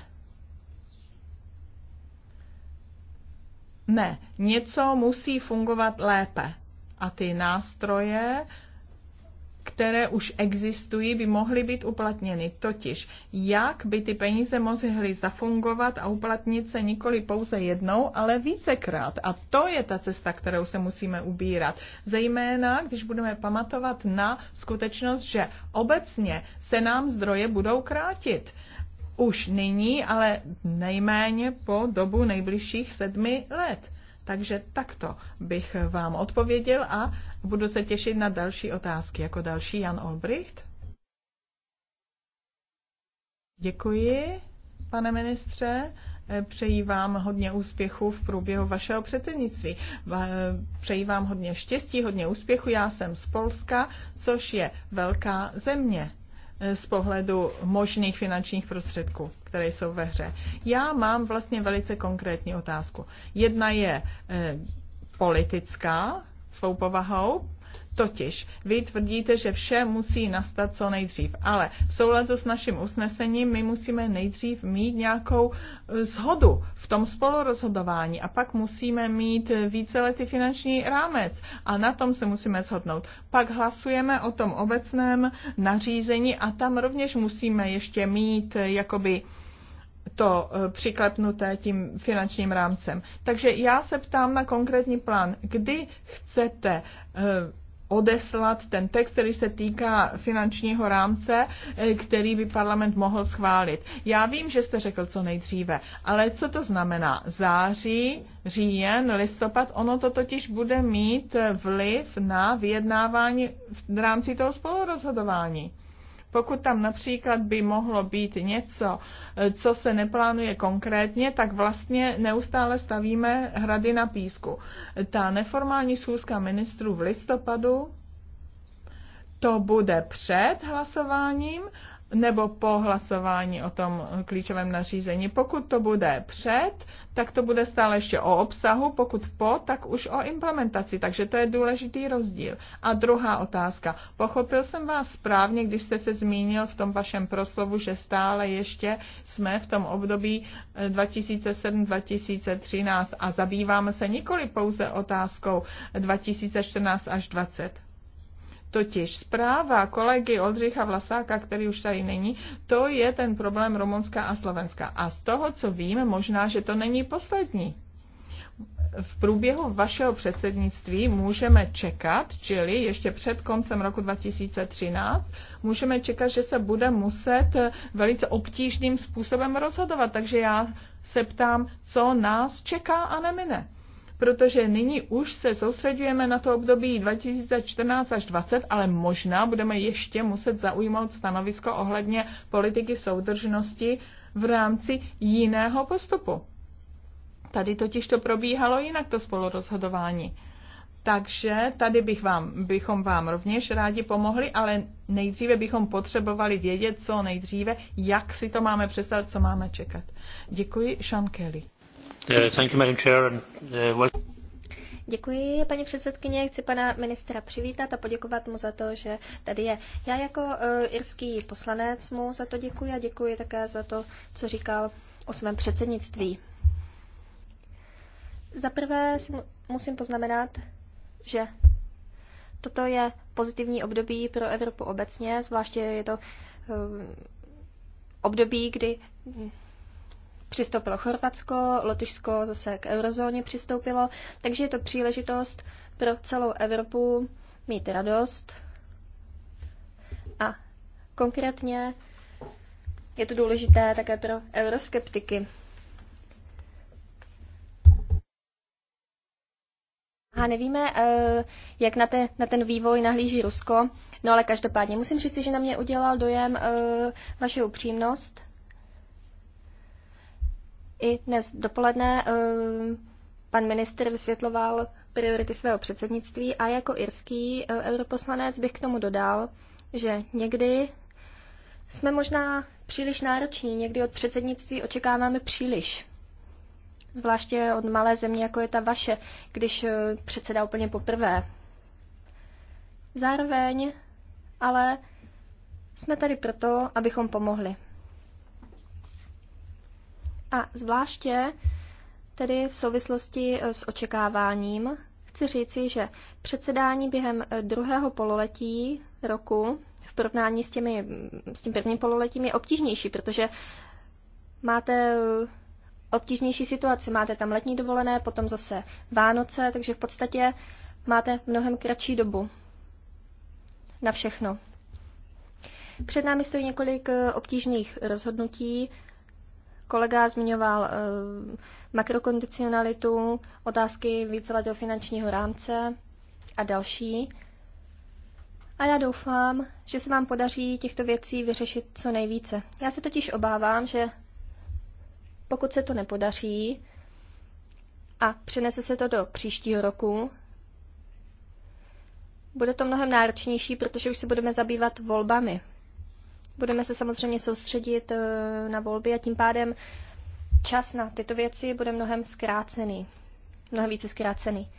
Ne, něco musí fungovat lépe. A ty nástroje které už existují, by mohly být uplatněny. Totiž, jak by ty peníze mohly zafungovat a uplatnit se nikoli pouze jednou, ale vícekrát. A to je ta cesta, kterou se musíme ubírat. Zejména, když budeme pamatovat na skutečnost, že obecně se nám zdroje budou krátit už nyní, ale nejméně po dobu nejbližších sedmi let. Takže takto bych vám odpověděl a Budu se těšit na další otázky. Jako další Jan Olbricht. Děkuji, pane ministře. Přeji vám hodně úspěchu v průběhu vašeho předsednictví. Přeji vám hodně štěstí, hodně úspěchu. Já jsem z Polska, což je velká země eh, z pohledu možných finančních prostředků, které jsou ve hře. Já mám vlastně velice konkrétní otázku. Jedna je eh, politická, svou povahou. Totiž vy tvrdíte, že vše musí nastat co nejdřív, ale v souladu s naším usnesením my musíme nejdřív mít nějakou zhodu e, v tom spolurozhodování a pak musíme mít e, víceletý finanční rámec a na tom se musíme shodnout. Pak hlasujeme o tom obecném nařízení a tam rovněž musíme ještě mít e, jakoby to eh, přiklepnuté tím finančním rámcem. Takže já se ptám na konkrétní plán. Kdy chcete eh, odeslat ten text, který se týká finančního rámce, eh, který by parlament mohl schválit. Já vím, že jste řekl co nejdříve, ale co to znamená? Září, říjen, listopad, ono to totiž bude mít vliv na vyjednávání v rámci toho spolurozhodování. Pokud tam například by mohlo být něco, co se neplánuje konkrétně, tak vlastně neustále stavíme hrady na písku. Ta neformální schůzka ministrů v listopadu to bude před hlasováním nebo po hlasování o tom klíčovém nařízení. Pokud to bude před, tak to bude stále ještě o obsahu, pokud po, tak už o implementaci. Takže to je důležitý rozdíl. A druhá otázka. Pochopil jsem vás správně, když jste se zmínil v tom vašem proslovu, že stále ještě jsme v tom období 2007-2013 eh, a zabýváme se nikoli pouze otázkou 2014 až 20. Totiž zpráva kolegy Oldřicha Vlasáka, který už tady není, to je ten problém Rumunska a Slovenska. A z toho, co vím, možná, že to není poslední. V průběhu vašeho předsednictví můžeme čekat, čili ještě před koncem roku 2013, můžeme čekat, že se bude muset velice obtížným způsobem rozhodovat. Takže já se ptám, co nás čeká a nemine protože nyní už se soustředujeme na to období 2014 až 2020, ale možná budeme ještě muset zaujmout stanovisko ohledně politiky soudržnosti v rámci jiného postupu. Tady totiž to probíhalo jinak, to spolurozhodování. Takže tady bych vám, bychom vám rovněž rádi pomohli, ale nejdříve bychom potřebovali vědět, co nejdříve, jak si to máme představit, co máme čekat. Děkuji, Sean Kelly. Uh, uh, děkuji, paní předsedkyně. Chci pana ministra přivítat a poděkovat mu za to, že tady je. Já jako uh, irský poslanec mu za to děkuji a děkuji také za to, co říkal o svém předsednictví. Za prvé musím poznamenat, že toto je pozitivní období pro Evropu obecně, zvláště je to um, období, kdy přistoupilo Chorvatsko, Lotyšsko zase k eurozóně přistoupilo, takže je to příležitost pro celou Evropu mít radost. A konkrétně je to důležité také pro euroskeptiky. A nevíme, eh, jak na, te, na ten vývoj nahlíží Rusko, no ale každopádně musím říct, že na mě udělal dojem eh, vaše upřímnost i dnes dopoledne eh, pan minister vysvětloval priority svého předsednictví a jako irský eh, europoslanec bych k tomu dodal, že někdy jsme možná příliš nároční, někdy od předsednictví očekáváme příliš. Zvláště od malé země, jako je ta vaše, když eh, předseda úplně poprvé. Zároveň ale jsme tady proto, abychom pomohli. A zvláště tedy v souvislosti eh, s očekáváním chci říci, že předsedání během eh, druhého pololetí roku v porovnání s, těmi, mm, s tím prvním pololetím je obtížnější, protože máte eh, obtížnější situaci. Máte tam letní dovolené, potom zase Vánoce, takže v podstatě máte mnohem kratší dobu na všechno. Před námi stojí několik obtížných rozhodnutí, Kolega zmiňoval uh, makrokondicionalitu, otázky víceletého finančního rámce a další. A já doufám, že se vám podaří těchto věcí vyřešit co nejvíce. Já se totiž obávám, že pokud se to nepodaří a přenese se to do příštího roku, bude to mnohem náročnější, protože už se budeme zabývat volbami Budeme se samozřejmě soustředit eh, na volby a tím pádem čas na tyto věci bude mnohem zkrácený. Mnohem více zkrácený.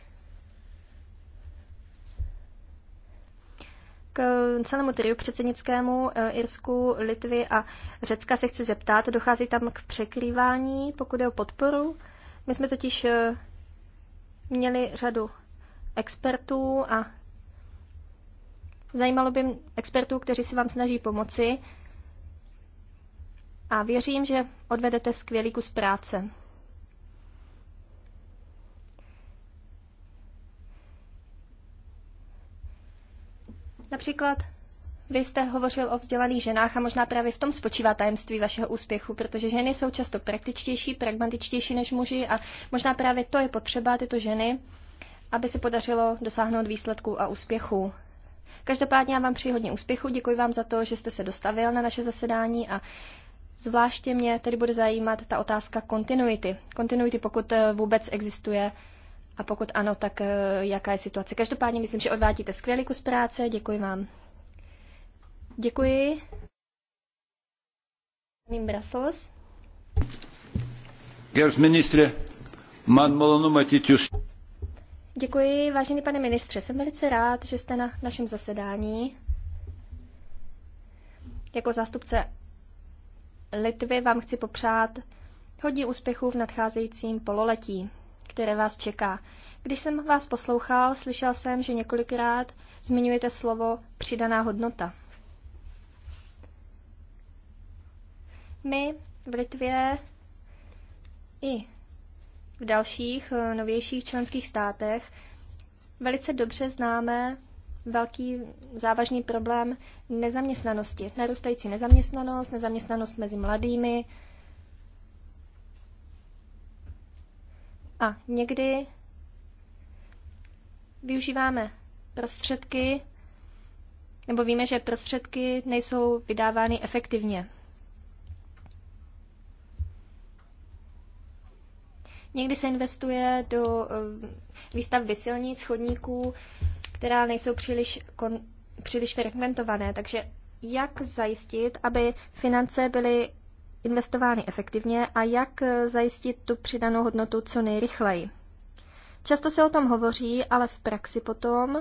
K celému triu předsednickému eh, Irsku, Litvy a Řecka se chci zeptat, dochází tam k překrývání, pokud je o podporu. My jsme totiž eh, měli řadu expertů a Zajímalo by expertů, kteří se vám snaží pomoci a věřím, že odvedete skvělý kus práce. Například vy jste hovořil o vzdělaných ženách a možná právě v tom spočívá tajemství vašeho úspěchu, protože ženy jsou často praktičtější, pragmatičtější než muži a možná právě to je potřeba tyto ženy, aby se podařilo dosáhnout výsledků a úspěchů. Každopádně já vám přeji hodně úspěchu, děkuji vám za to, že jste se dostavil na naše zasedání a zvláště mě tedy bude zajímat ta otázka kontinuity. Kontinuity, pokud eh, vůbec existuje a pokud ano, tak eh, jaká je situace. Každopádně myslím, že odvádíte skvělý kus práce, děkuji vám. Děkuji. Brussels. Gerbs ministře, mám malonu matyti Děkuji, vážený pane ministře. Jsem velice rád, že jste na našem zasedání. Jako zástupce Litvy vám chci popřát hodně úspěchů v nadcházejícím pololetí, které vás čeká. Když jsem vás poslouchal, slyšel jsem, že několikrát zmiňujete slovo přidaná hodnota. My v Litvě i v dalších eh, novějších členských státech velice dobře známe velký závažný problém nezaměstnanosti. Narůstající nezaměstnanost, nezaměstnanost mezi mladými. A někdy využíváme prostředky, nebo víme, že prostředky nejsou vydávány efektivně. Někdy se investuje do eh, výstavby silnic, chodníků, která nejsou příliš, kon, příliš fragmentované. Takže jak zajistit, aby finance byly investovány efektivně a jak eh, zajistit tu přidanou hodnotu co nejrychleji. Často se o tom hovoří, ale v praxi potom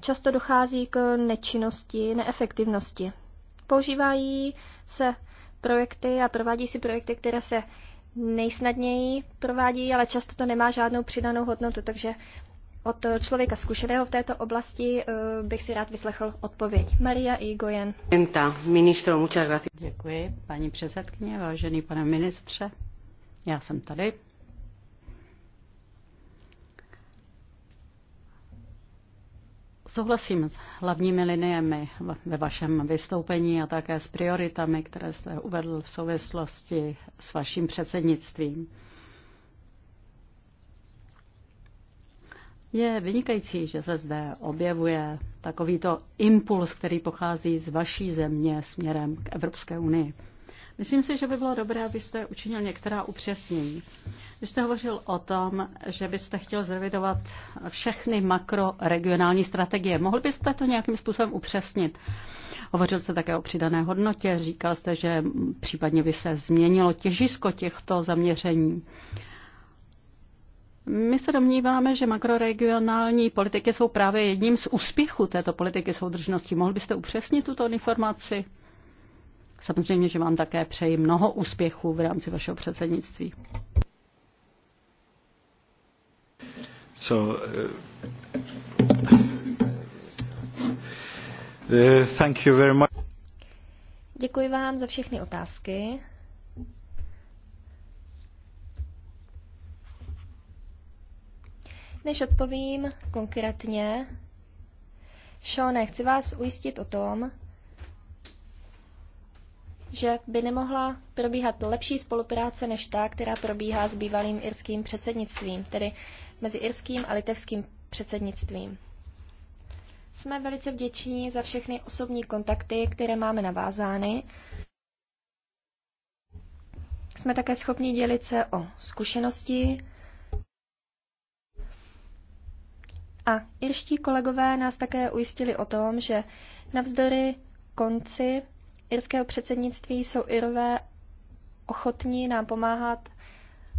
často dochází k nečinnosti, neefektivnosti. Používají se projekty a provádí si projekty, které se nejsnadněji provádí, ale často to nemá žádnou přidanou hodnotu, takže od eh, člověka zkušeného v této oblasti eh, bych si rád vyslechl odpověď. Maria Igojen. Děkuji, paní předsedkyně, vážený pane ministře. Já jsem tady. Souhlasím s hlavními liniemi ve vašem vystoupení a také s prioritami, které jste uvedl v souvislosti s vaším předsednictvím. Je vynikající, že se zde objevuje takovýto impuls, který pochází z vaší země směrem k Evropské unii. Myslím si, že by bylo dobré, abyste učinil některá upřesnění. Vy jste hovořil o tom, že byste chtěl zrevidovat všechny makroregionální strategie. Mohl byste to nějakým způsobem upřesnit? Hovořil jste také o přidané hodnotě, říkal jste, že případně by se změnilo těžisko těchto zaměření. My se domníváme, že makroregionální politiky jsou právě jedním z úspěchů této politiky soudržnosti. Mohl byste upřesnit tuto informaci? Samozřejmě, že vám také přeji mnoho úspěchů v rámci vašeho předsednictví. So, uh, uh thank you very much. Děkuji vám za všechny otázky. Než odpovím konkrétně, Šone, chci vás ujistit o tom, že by nemohla probíhat lepší spolupráce než ta, která probíhá s bývalým irským předsednictvím, tedy mezi irským a litevským předsednictvím. Jsme velice vděční za všechny osobní kontakty, které máme navázány. Jsme také schopni dělit se o zkušenosti. A irští kolegové nás také ujistili o tom, že navzdory konci irského předsednictví jsou Irové ochotní nám pomáhat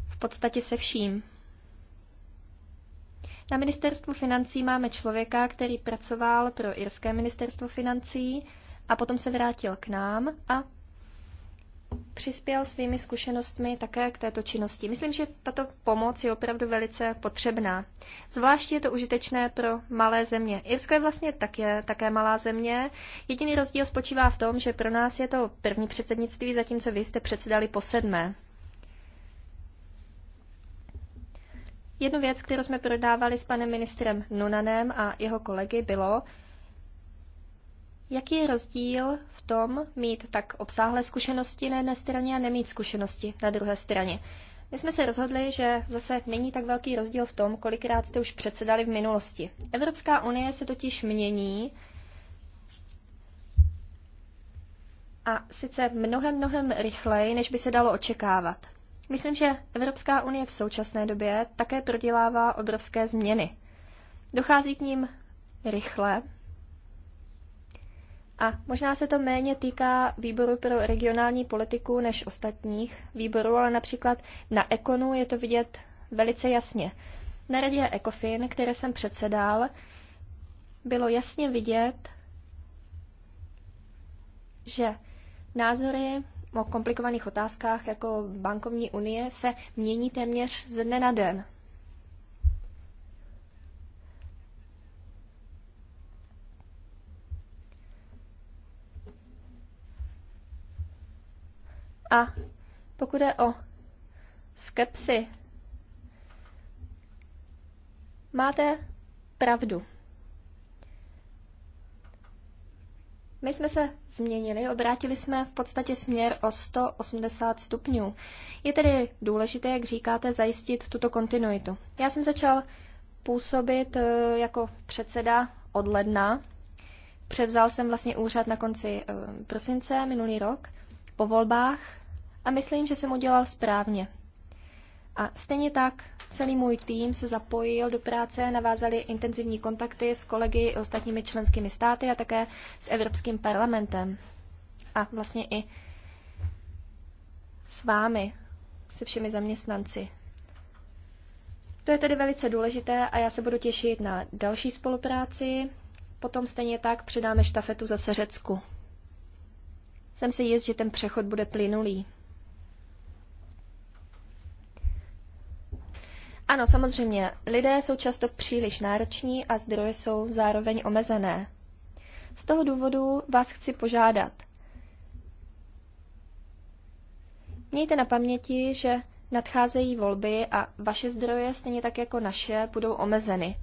v podstatě se vším. Na ministerstvu financí máme člověka, který pracoval pro irské ministerstvo financí a potom se vrátil k nám a přispěl svými zkušenostmi také k této činnosti. Myslím, že tato pomoc je opravdu velice potřebná. Zvláště je to užitečné pro malé země. Irsko je vlastně také, také malá země. Jediný rozdíl spočívá v tom, že pro nás je to první předsednictví, zatímco vy jste předsedali po sedmé. Jednu věc, kterou jsme prodávali s panem ministrem Nunanem a jeho kolegy, bylo, Jaký je rozdíl v tom mít tak obsáhlé zkušenosti na jedné straně a nemít zkušenosti na druhé straně? My jsme se rozhodli, že zase není tak velký rozdíl v tom, kolikrát jste už předsedali v minulosti. Evropská unie se totiž mění a sice mnohem, mnohem rychleji, než by se dalo očekávat. Myslím, že Evropská unie v současné době také prodělává obrovské změny. Dochází k ním rychle, a možná se to méně týká výboru pro regionální politiku než ostatních výborů, ale například na Ekonu je to vidět velice jasně. Na radě Ekofin, které jsem předsedal, bylo jasně vidět, že názory o komplikovaných otázkách jako bankovní unie se mění téměř ze dne na den. A pokud je o skepsi, máte pravdu. My jsme se změnili, obrátili jsme v podstatě směr o 180 stupňů. Je tedy důležité, jak říkáte, zajistit tuto kontinuitu. Já jsem začal působit eh, jako předseda od ledna. Převzal jsem vlastně úřad na konci eh, prosince minulý rok po volbách a myslím, že jsem udělal správně. A stejně tak celý můj tým se zapojil do práce, navázali intenzivní kontakty s kolegy i ostatními členskými státy a také s Evropským parlamentem. A vlastně i s vámi, se všemi zaměstnanci. To je tedy velice důležité a já se budu těšit na další spolupráci. Potom stejně tak předáme štafetu zase Řecku. Jsem si jist, že ten přechod bude plynulý. Ano, samozřejmě, lidé jsou často příliš nároční a zdroje jsou zároveň omezené. Z toho důvodu vás chci požádat. Mějte na paměti, že nadcházejí volby a vaše zdroje, stejně tak jako naše, budou omezeny.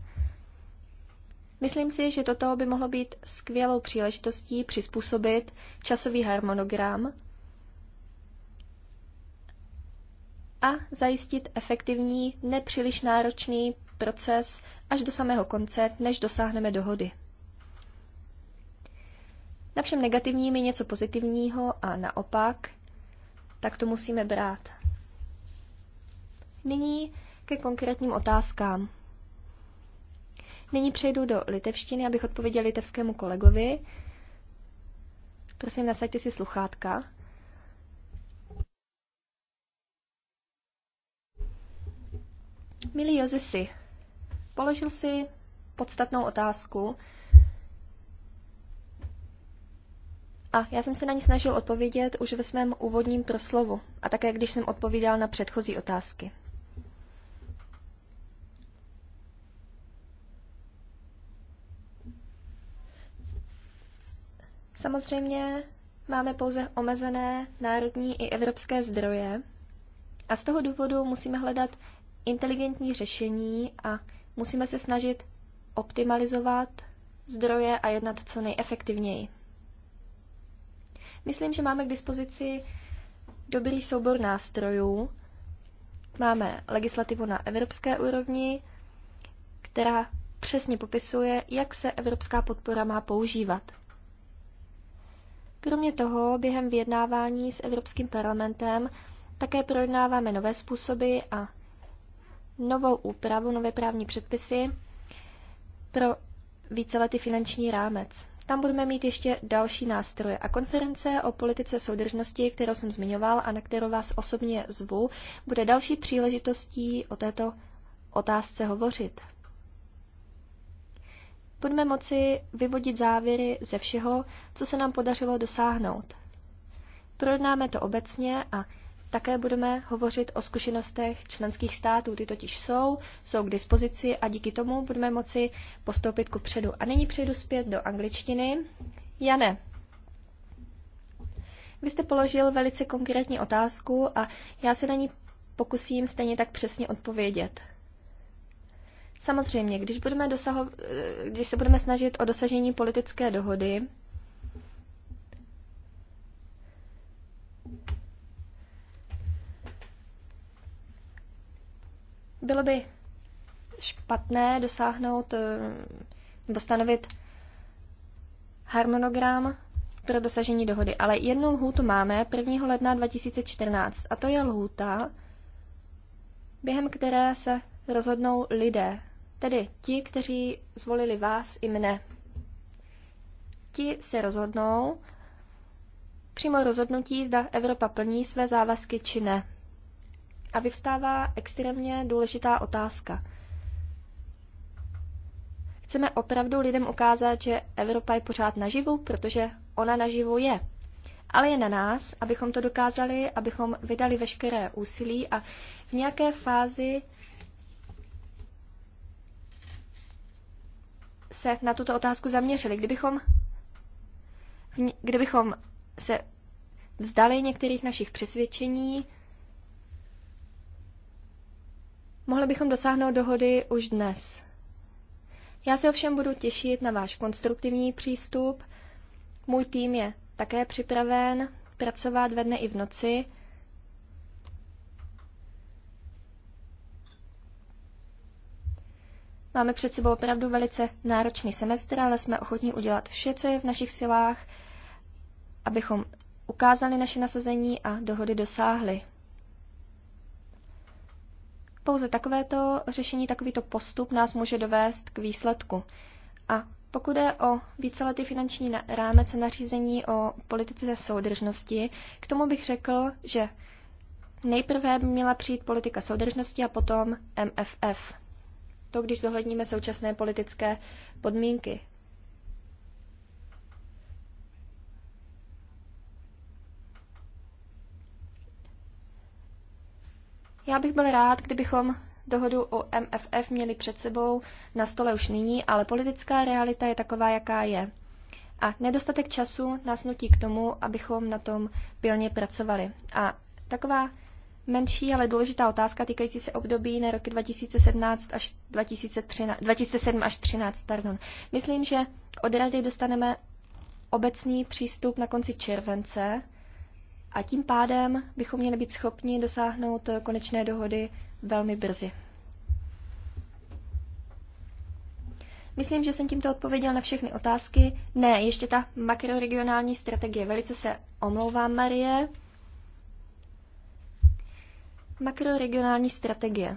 Myslím si, že toto by mohlo být skvělou příležitostí přizpůsobit časový harmonogram a zajistit efektivní, nepříliš náročný proces až do samého konce, než dosáhneme dohody. Na všem negativním je něco pozitivního a naopak, tak to musíme brát. Nyní ke konkrétním otázkám. Nyní přejdu do litevštiny, abych odpověděl litevskému kolegovi. Prosím, nasaďte si sluchátka. Milý Jozisi, položil si podstatnou otázku a já jsem se na ní snažil odpovědět už ve svém úvodním proslovu a také když jsem odpovídal na předchozí otázky. Samozřejmě máme pouze omezené národní i evropské zdroje a z toho důvodu musíme hledat inteligentní řešení a musíme se snažit optimalizovat zdroje a jednat co nejefektivněji. Myslím, že máme k dispozici dobrý soubor nástrojů. Máme legislativu na evropské úrovni, která přesně popisuje, jak se evropská podpora má používat. Kromě toho, během vyjednávání s Evropským parlamentem také projednáváme nové způsoby a novou úpravu, nové právní předpisy pro víceletý finanční rámec. Tam budeme mít ještě další nástroje a konference o politice soudržnosti, kterou jsem zmiňoval a na kterou vás osobně zvu, bude další příležitostí o této otázce hovořit. Budeme moci vyvodit závěry ze všeho, co se nám podařilo dosáhnout. Projednáme to obecně a také budeme hovořit o zkušenostech členských států, ty totiž jsou, jsou k dispozici a díky tomu budeme moci postoupit ku předu. A nyní přejdu zpět do angličtiny. Jane, vy jste položil velice konkrétní otázku a já se na ní pokusím stejně tak přesně odpovědět. Samozřejmě, když, budeme dosaho- eh, když se budeme snažit o dosažení politické dohody, Bylo by špatné dosáhnout eh, nebo stanovit harmonogram pro dosažení dohody, ale jednu lhůtu máme 1. ledna 2014 a to je lhůta, během které se rozhodnou lidé, tedy ti, kteří zvolili vás i mne. Ti se rozhodnou přímo rozhodnutí, zda Evropa plní své závazky či ne. A vyvstává extrémně důležitá otázka. Chceme opravdu lidem ukázat, že Evropa je pořád naživu, protože ona naživu je. Ale je na nás, abychom to dokázali, abychom vydali veškeré úsilí a v nějaké fázi se na tuto otázku zaměřili. Kdybychom, kdybychom se vzdali některých našich přesvědčení, Mohli bychom dosáhnout dohody už dnes. Já se ovšem budu těšit na váš konstruktivní přístup. Můj tým je také připraven pracovat ve dne i v noci. Máme před sebou opravdu velice náročný semestr, ale jsme ochotní udělat vše, co je v našich silách, abychom ukázali naše nasazení a dohody dosáhli. Pouze takovéto řešení, takovýto postup nás může dovést k výsledku. A pokud je o víceletý finanční rámec a nařízení o politice soudržnosti, k tomu bych řekl, že nejprve měla přijít politika soudržnosti a potom MFF. To, když zohledníme současné politické podmínky. Já bych byl rád, kdybychom dohodu o MFF měli před sebou na stole už nyní, ale politická realita je taková, jaká je. A nedostatek času nás nutí k tomu, abychom na tom pilně pracovali. A taková menší, ale důležitá otázka týkající se období na roky 2017 až 2013, 2007 až 2013. Pardon. Myslím, že od rady dostaneme obecný přístup na konci července a tím pádem bychom měli být schopni dosáhnout eh, konečné dohody velmi brzy. Myslím, že jsem tímto odpověděl na všechny otázky. Ne, ještě ta makroregionální strategie. Velice se omlouvám, Marie. Makroregionální strategie.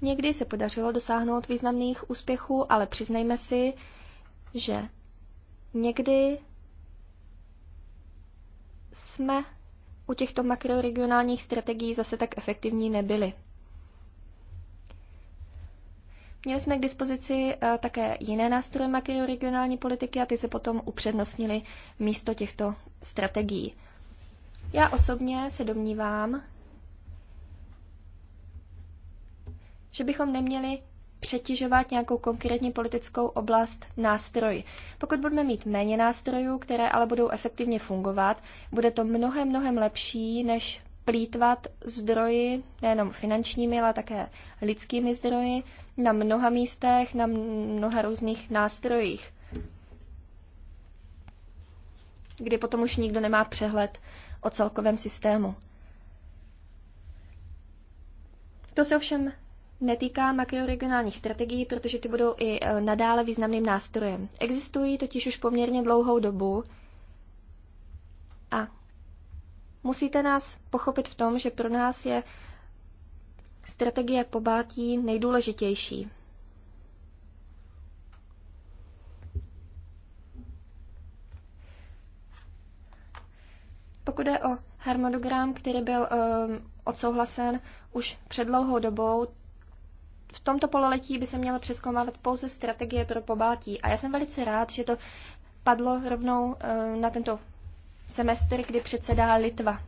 Někdy se podařilo dosáhnout významných úspěchů, ale přiznejme si, že někdy jsme u těchto makroregionálních strategií zase tak efektivní nebyli. Měli jsme k dispozici eh, také jiné nástroje makroregionální politiky a ty se potom upřednostnili místo těchto strategií. Já osobně se domnívám, že bychom neměli přetěžovat nějakou konkrétní politickou oblast nástroji. Pokud budeme mít méně nástrojů, které ale budou efektivně fungovat, bude to mnohem, mnohem lepší, než plítvat zdroji, nejenom finančními, ale také lidskými zdroji, na mnoha místech, na mnoha různých nástrojích, kdy potom už nikdo nemá přehled o celkovém systému. To se ovšem netýká makroregionálních strategií, protože ty budou i e, nadále významným nástrojem. Existují totiž už poměrně dlouhou dobu a musíte nás pochopit v tom, že pro nás je strategie pobátí nejdůležitější. Pokud je o harmonogram, který byl um, odsouhlasen už před dlouhou dobou, v tomto pololetí by se měla přeskoumávat pouze strategie pro pobaltí. A já jsem velice rád, že to padlo rovnou eh, na tento semestr, kdy předsedá Litva.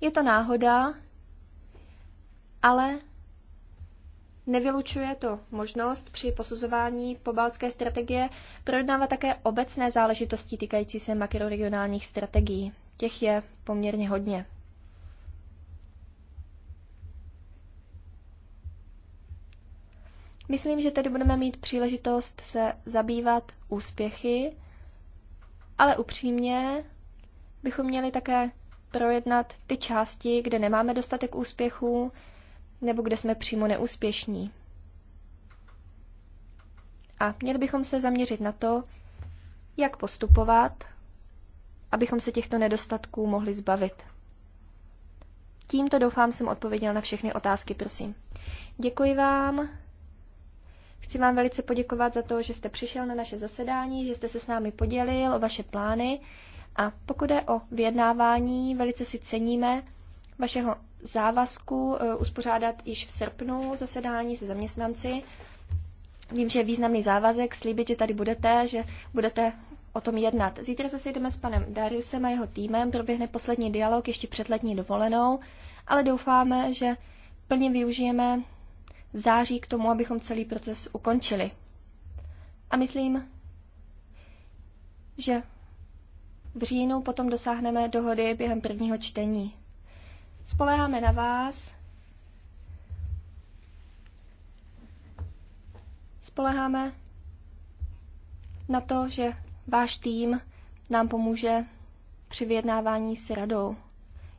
Je to náhoda, ale Nevylučuje to možnost při posuzování pobaltské strategie projednávat také obecné záležitosti týkající se makroregionálních strategií. Těch je poměrně hodně. Myslím, že tedy budeme mít příležitost se zabývat úspěchy, ale upřímně bychom měli také projednat ty části, kde nemáme dostatek úspěchů, nebo kde jsme přímo neúspěšní. A měli bychom se zaměřit na to, jak postupovat, abychom se těchto nedostatků mohli zbavit. Tímto doufám jsem odpověděl na všechny otázky, prosím. Děkuji vám. Chci vám velice poděkovat za to, že jste přišel na naše zasedání, že jste se s námi podělil o vaše plány. A pokud je o vyjednávání, velice si ceníme vašeho závazku eh, uspořádat již v srpnu zasedání se zaměstnanci. Vím, že je významný závazek, slíbit, že tady budete, že budete o tom jednat. Zítra se sejdeme s panem Dariusem a jeho týmem, proběhne poslední dialog ještě před letní dovolenou, ale doufáme, že plně využijeme září k tomu, abychom celý proces ukončili. A myslím, že v říjnu potom dosáhneme dohody během prvního čtení. Spoleháme na vás. Spoleháme na to, že váš tým nám pomůže při vyjednávání s radou.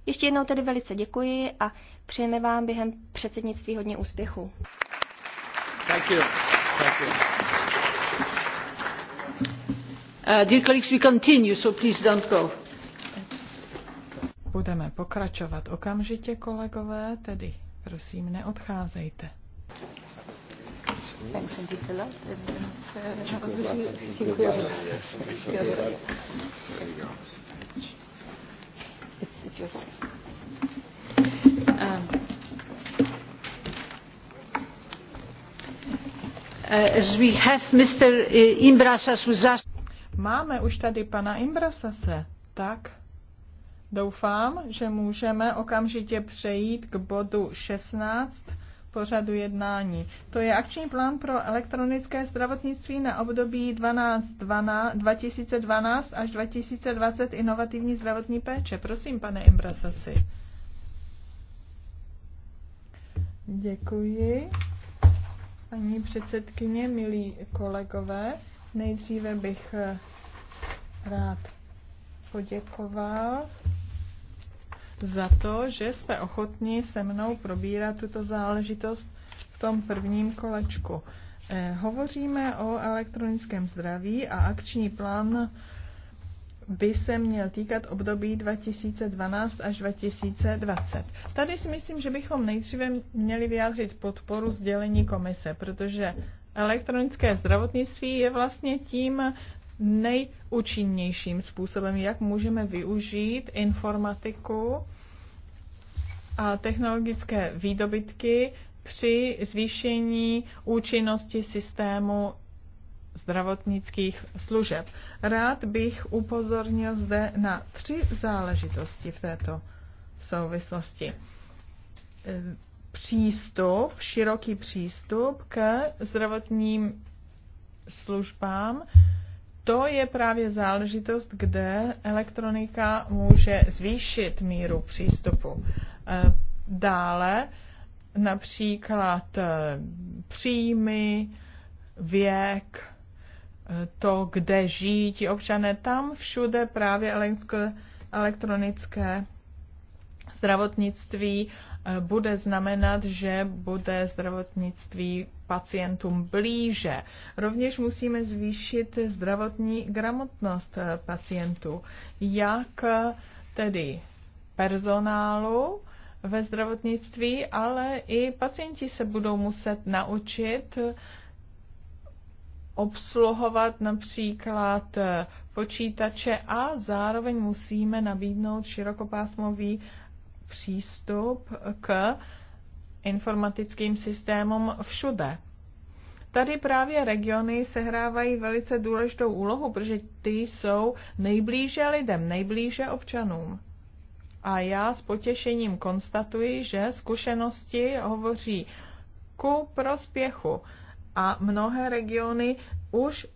Ještě jednou tedy velice děkuji a přejeme vám během předsednictví hodně úspěchů. Thank you. Thank you. Uh, dear colleagues, we continue, so please don't go budeme pokračovat okamžitě, kolegové, tedy prosím, neodcházejte. Eh, Máme už tady pana Imbrasase, tak? Doufám, že můžeme okamžitě přejít k bodu 16 pořadu jednání. To je akční plán pro elektronické zdravotnictví na období 12, 12, 2012 až 2020 inovativní zdravotní péče. Prosím, pane Imbrasasi. Děkuji. Paní předsedkyně, milí kolegové, nejdříve bych rád poděkoval za to, že jste ochotní se mnou probírat tuto záležitost v tom prvním kolečku. Eh, hovoříme o elektronickém zdraví a akční plán by se měl týkat období 2012 až 2020. Tady si myslím, že bychom nejdříve měli vyjádřit podporu sdělení komise, protože elektronické zdravotnictví je vlastně tím nejúčinnějším způsobem, jak můžeme využít informatiku a technologické výdobytky při zvýšení účinnosti systému zdravotnických služeb. Rád bych upozornil zde na tři záležitosti v této souvislosti. Přístup, široký přístup k zdravotním službám, to je právě záležitost, kde elektronika může zvýšit míru přístupu. E, dále například e, příjmy, věk, e, to, kde žijí ti občané, tam všude právě elektronické zdravotnictví eh, bude znamenat, že bude zdravotnictví pacientům blíže. Rovněž musíme zvýšit zdravotní gramotnost eh, pacientů, jak eh, tedy personálu ve zdravotnictví, ale i pacienti se budou muset naučit obsluhovat například počítače a zároveň musíme nabídnout širokopásmový přístup k informatickým systémům všude. Tady právě regiony sehrávají velice důležitou úlohu, protože ty jsou nejblíže lidem, nejblíže občanům. A já s potěšením konstatuji, že zkušenosti hovoří ku prospěchu a mnohé regiony už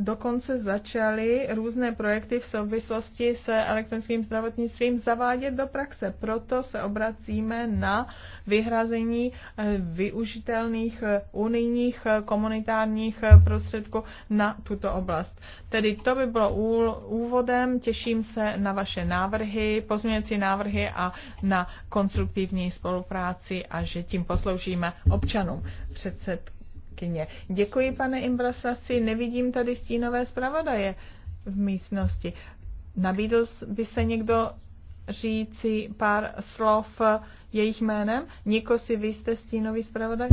dokonce začaly různé projekty v souvislosti se elektronickým zdravotnictvím zavádět do praxe. Proto se obracíme na vyhrazení eh, využitelných eh, unijních eh, komunitárních prostředků na tuto oblast. Tedy to by bylo úvodem. Těším se na vaše návrhy, pozměňující návrhy a na konstruktivní spolupráci a že tím posloužíme občanům. Předsed předsedkyně. Děkuji, pane Imbrasasi. Nevidím tady stínové zpravodaje v místnosti. Nabídl by se někdo říci pár slov jejich jménem? si vy jste stínový zpravodaj?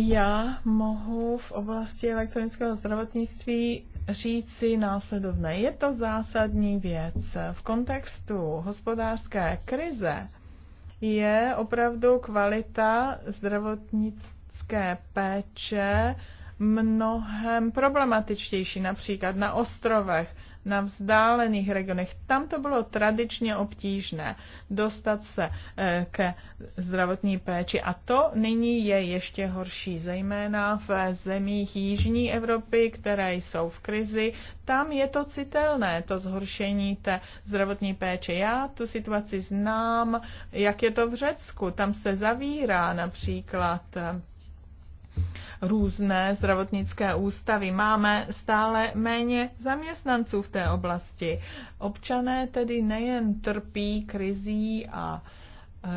Já mohu v oblasti elektronického zdravotnictví říci následovné. Je to zásadní věc. V kontextu hospodářské krize je opravdu kvalita zdravotnické péče mnohem problematičtější, například na ostrovech na vzdálených regionech. Tam to bylo tradičně obtížné dostat se eh, ke zdravotní péči a to nyní je ještě horší, zejména v zemích Jižní Evropy, které jsou v krizi. Tam je to citelné, to zhoršení té zdravotní péče. Já tu situaci znám, jak je to v Řecku. Tam se zavírá například eh, různé zdravotnické ústavy. Máme stále méně zaměstnanců v té oblasti. Občané tedy nejen trpí krizí a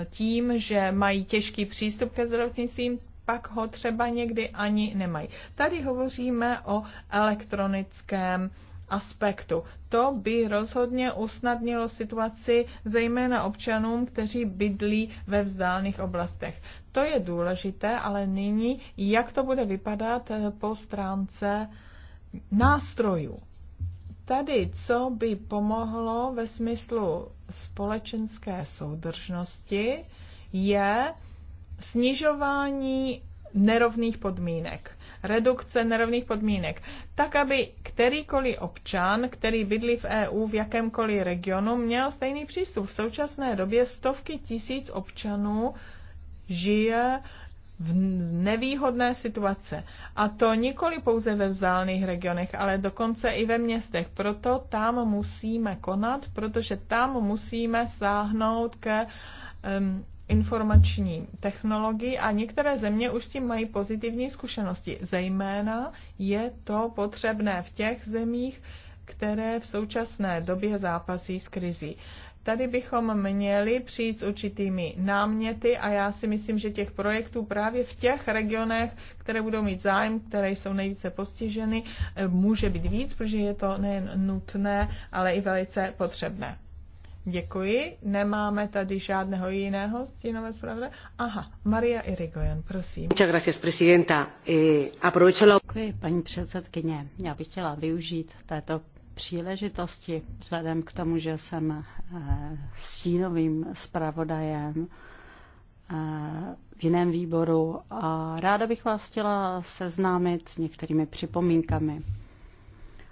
e, tím, že mají těžký přístup ke zdravotnictvím, pak ho třeba někdy ani nemají. Tady hovoříme o elektronickém aspektu. To by rozhodně usnadnilo situaci zejména občanům, kteří bydlí ve vzdálených oblastech. To je důležité, ale nyní, jak to bude vypadat eh, po stránce nástrojů. Tady, co by pomohlo ve smyslu společenské soudržnosti, je snižování nerovných podmínek redukce nerovných podmínek, tak aby kterýkoliv občan, který bydlí v EU v jakémkoliv regionu, měl stejný přístup. V současné době stovky tisíc občanů žije v nevýhodné situace. A to nikoli pouze ve vzdálených regionech, ale dokonce i ve městech. Proto tam musíme konat, protože tam musíme sáhnout ke um, informační technologii a některé země už tím mají pozitivní zkušenosti. Zejména je to potřebné v těch zemích, které v současné době zápasí s krizí. Tady bychom měli přijít s určitými náměty a já si myslím, že těch projektů právě v těch regionech, které budou mít zájem, které jsou nejvíce postiženy, může být víc, protože je to nejen nutné, ale i velice potřebné. Děkuji. Nemáme tady žádného jiného stínové zpravodaje. Aha, Maria Irigoyen, prosím. Eh, Děkuji, paní předsedkyně. Já bych chtěla využít této příležitosti, vzhledem k tomu, že jsem eh, stínovým zpravodajem eh, v jiném výboru a ráda bych vás chtěla seznámit s některými připomínkami.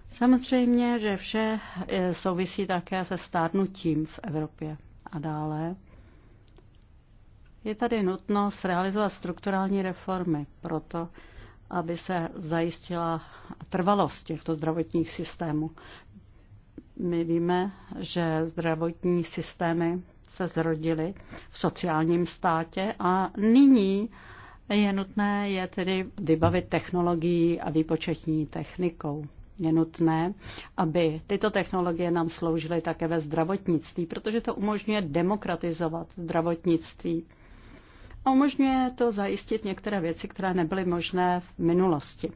Samozřejmě, že vše e, souvisí také se stárnutím v Evropě a dále. Je tady nutnost realizovat strukturální reformy proto, aby se zajistila trvalost těchto zdravotních systémů. My víme, že zdravotní systémy se zrodily v sociálním státě a nyní je nutné je tedy vybavit technologií a výpočetní technikou je nutné, aby tyto technologie nám sloužily také ve zdravotnictví, protože to umožňuje demokratizovat zdravotnictví a umožňuje to zajistit některé věci, které nebyly možné v minulosti.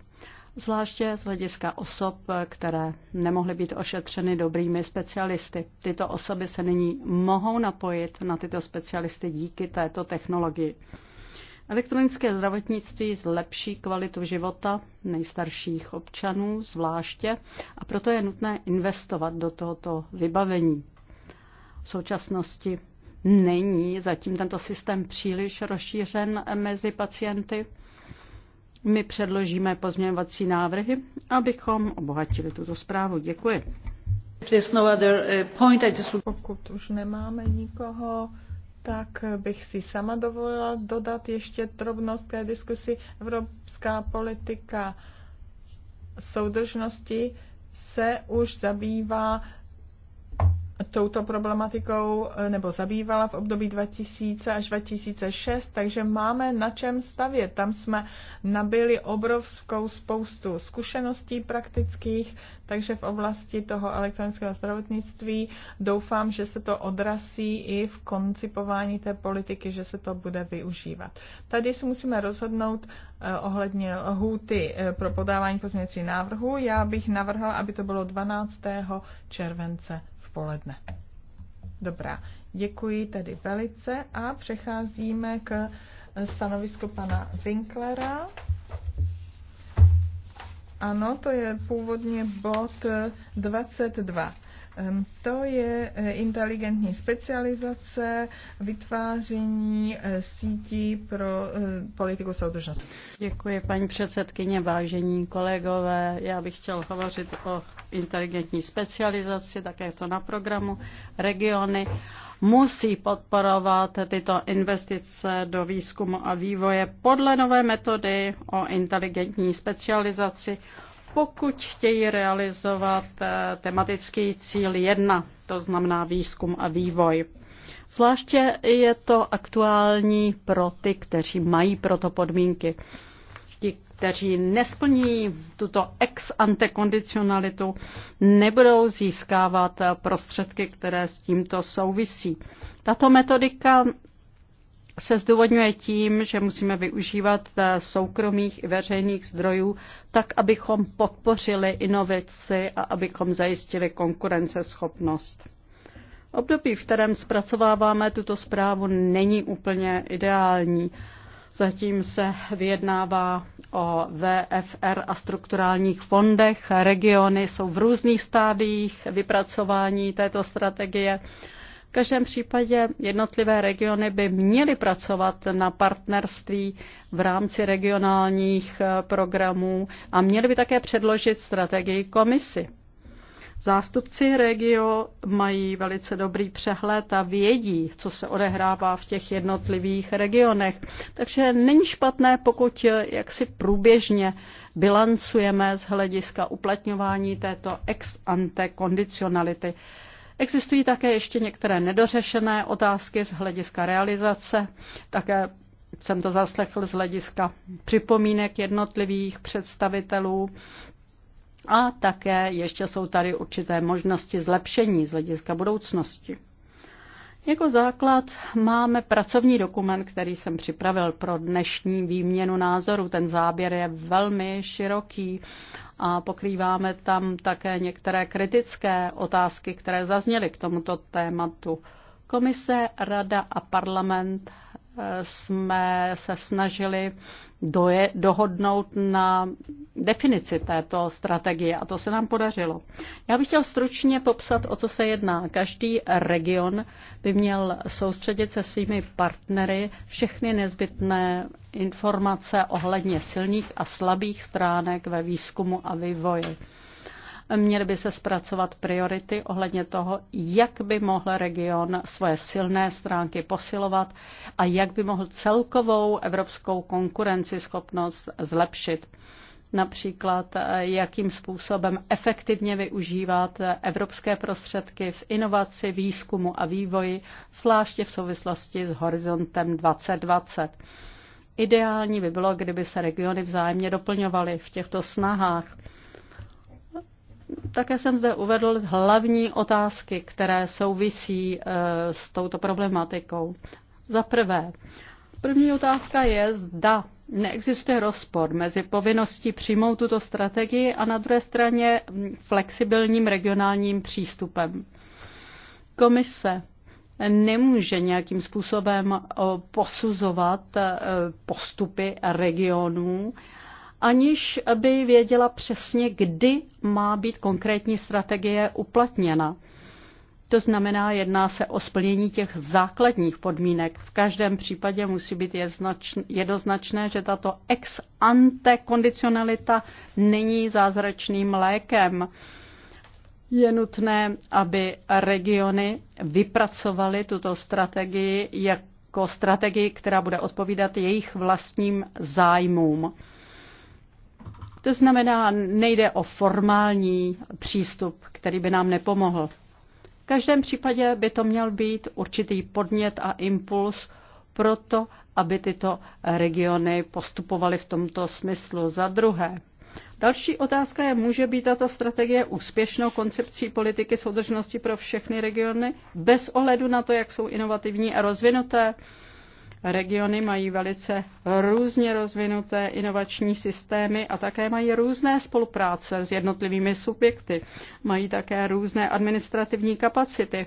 Zvláště z hlediska osob, které nemohly být ošetřeny dobrými specialisty. Tyto osoby se nyní mohou napojit na tyto specialisty díky této technologii. Elektronické zdravotnictví zlepší kvalitu života nejstarších občanů zvláště a proto je nutné investovat do tohoto vybavení. V současnosti není zatím tento systém příliš rozšířen mezi pacienty. My předložíme pozměňovací návrhy, abychom obohatili tuto zprávu. Děkuji. No eh, Pokud už nemáme nikoho, tak bych si sama dovolila dodat ještě drobnost k diskusi. Evropská politika soudržnosti se už zabývá touto problematikou eh, nebo zabývala v období 2000 až 2006, takže máme na čem stavět. Tam jsme nabili obrovskou spoustu zkušeností praktických, takže v oblasti toho elektronického zdravotnictví doufám, že se to odrasí i v koncipování té politiky, že se to bude využívat. Tady si musíme rozhodnout eh, ohledně lhůty eh, pro podávání pozměňovacích návrhů. Já bych navrhla, aby to bylo 12. července odpoledne. Dobrá, děkuji tedy velice a přecházíme k stanovisku pana Winklera. Ano, to je původně bod 22. Ehm, to je eh, inteligentní specializace, vytváření eh, sítí pro eh, politiku soudržnosti. Děkuji, paní předsedkyně, vážení kolegové. Já bych chtěl hovořit o inteligentní specializaci, také to na programu regiony musí podporovat tyto investice do výzkumu a vývoje podle nové metody o inteligentní specializaci pokud chtějí realizovat eh, tematický cíl 1, to znamená výzkum a vývoj. Zvláště je to aktuální pro ty, kteří mají proto podmínky. Ti, kteří nesplní tuto ex ante kondicionalitu, nebudou získávat prostředky, které s tímto souvisí. Tato metodika se zdůvodňuje tím, že musíme využívat eh, soukromých i veřejných zdrojů tak, abychom podpořili inovaci a abychom zajistili konkurenceschopnost. Období, v kterém zpracováváme tuto zprávu, není úplně ideální. Zatím se vyjednává o VFR a strukturálních fondech. Regiony jsou v různých stádiích vypracování této strategie. V každém případě jednotlivé regiony by měly pracovat na partnerství v rámci regionálních eh, programů a měly by také předložit strategii komisi. Zástupci regio mají velice dobrý přehled a vědí, co se odehrává v těch jednotlivých regionech. Takže není špatné, pokud eh, jak si průběžně bilancujeme z hlediska uplatňování této ex ante kondicionality. Existují také ještě některé nedořešené otázky z hlediska realizace, také jsem to zaslechl z hlediska připomínek jednotlivých představitelů. A také ještě jsou tady určité možnosti zlepšení z hlediska budoucnosti. Jako základ máme pracovní dokument, který jsem připravil pro dnešní výměnu názoru. Ten záběr je velmi široký a pokrýváme tam také některé kritické otázky, které zazněly k tomuto tématu. Komise, Rada a parlament eh, jsme se snažili doje, dohodnout na definici této strategie a to se nám podařilo. Já bych chtěl stručně popsat, o co se jedná. Každý region by měl soustředit se svými partnery všechny nezbytné informace ohledně silných a slabých stránek ve výzkumu a vývoji. Měly by se zpracovat priority ohledně toho, jak by mohl region svoje silné stránky posilovat a jak by mohl celkovou evropskou konkurenceschopnost zlepšit například jakým způsobem efektivně využívat evropské prostředky v inovaci, výzkumu a vývoji, zvláště v souvislosti s horizontem 2020. Ideální by bylo, kdyby se regiony vzájemně doplňovaly v těchto snahách. Také jsem zde uvedl hlavní otázky, které souvisí eh, s touto problematikou. Za prvé, první otázka je, zda neexistuje rozpor mezi povinností přijmout tuto strategii a na druhé straně mm, flexibilním regionálním přístupem. Komise nemůže nějakým způsobem eh, posuzovat eh, postupy regionů, aniž by věděla přesně, kdy má být konkrétní strategie uplatněna. To znamená, jedná se o splnění těch základních podmínek. V každém případě musí být jednoznačné, že tato ex ante kondicionalita není zázračným lékem. Je nutné, aby regiony vypracovaly tuto strategii jako strategii, která bude odpovídat jejich vlastním zájmům. To znamená, nejde o formální přístup, který by nám nepomohl. V každém případě by to měl být určitý podnět a impuls pro to, aby tyto regiony postupovaly v tomto smyslu. Za druhé, Další otázka je, může být tato strategie úspěšnou koncepcí politiky soudržnosti pro všechny regiony bez ohledu na to, jak jsou inovativní a rozvinuté? Regiony mají velice různě rozvinuté inovační systémy a také mají různé spolupráce s jednotlivými subjekty. Mají také různé administrativní kapacity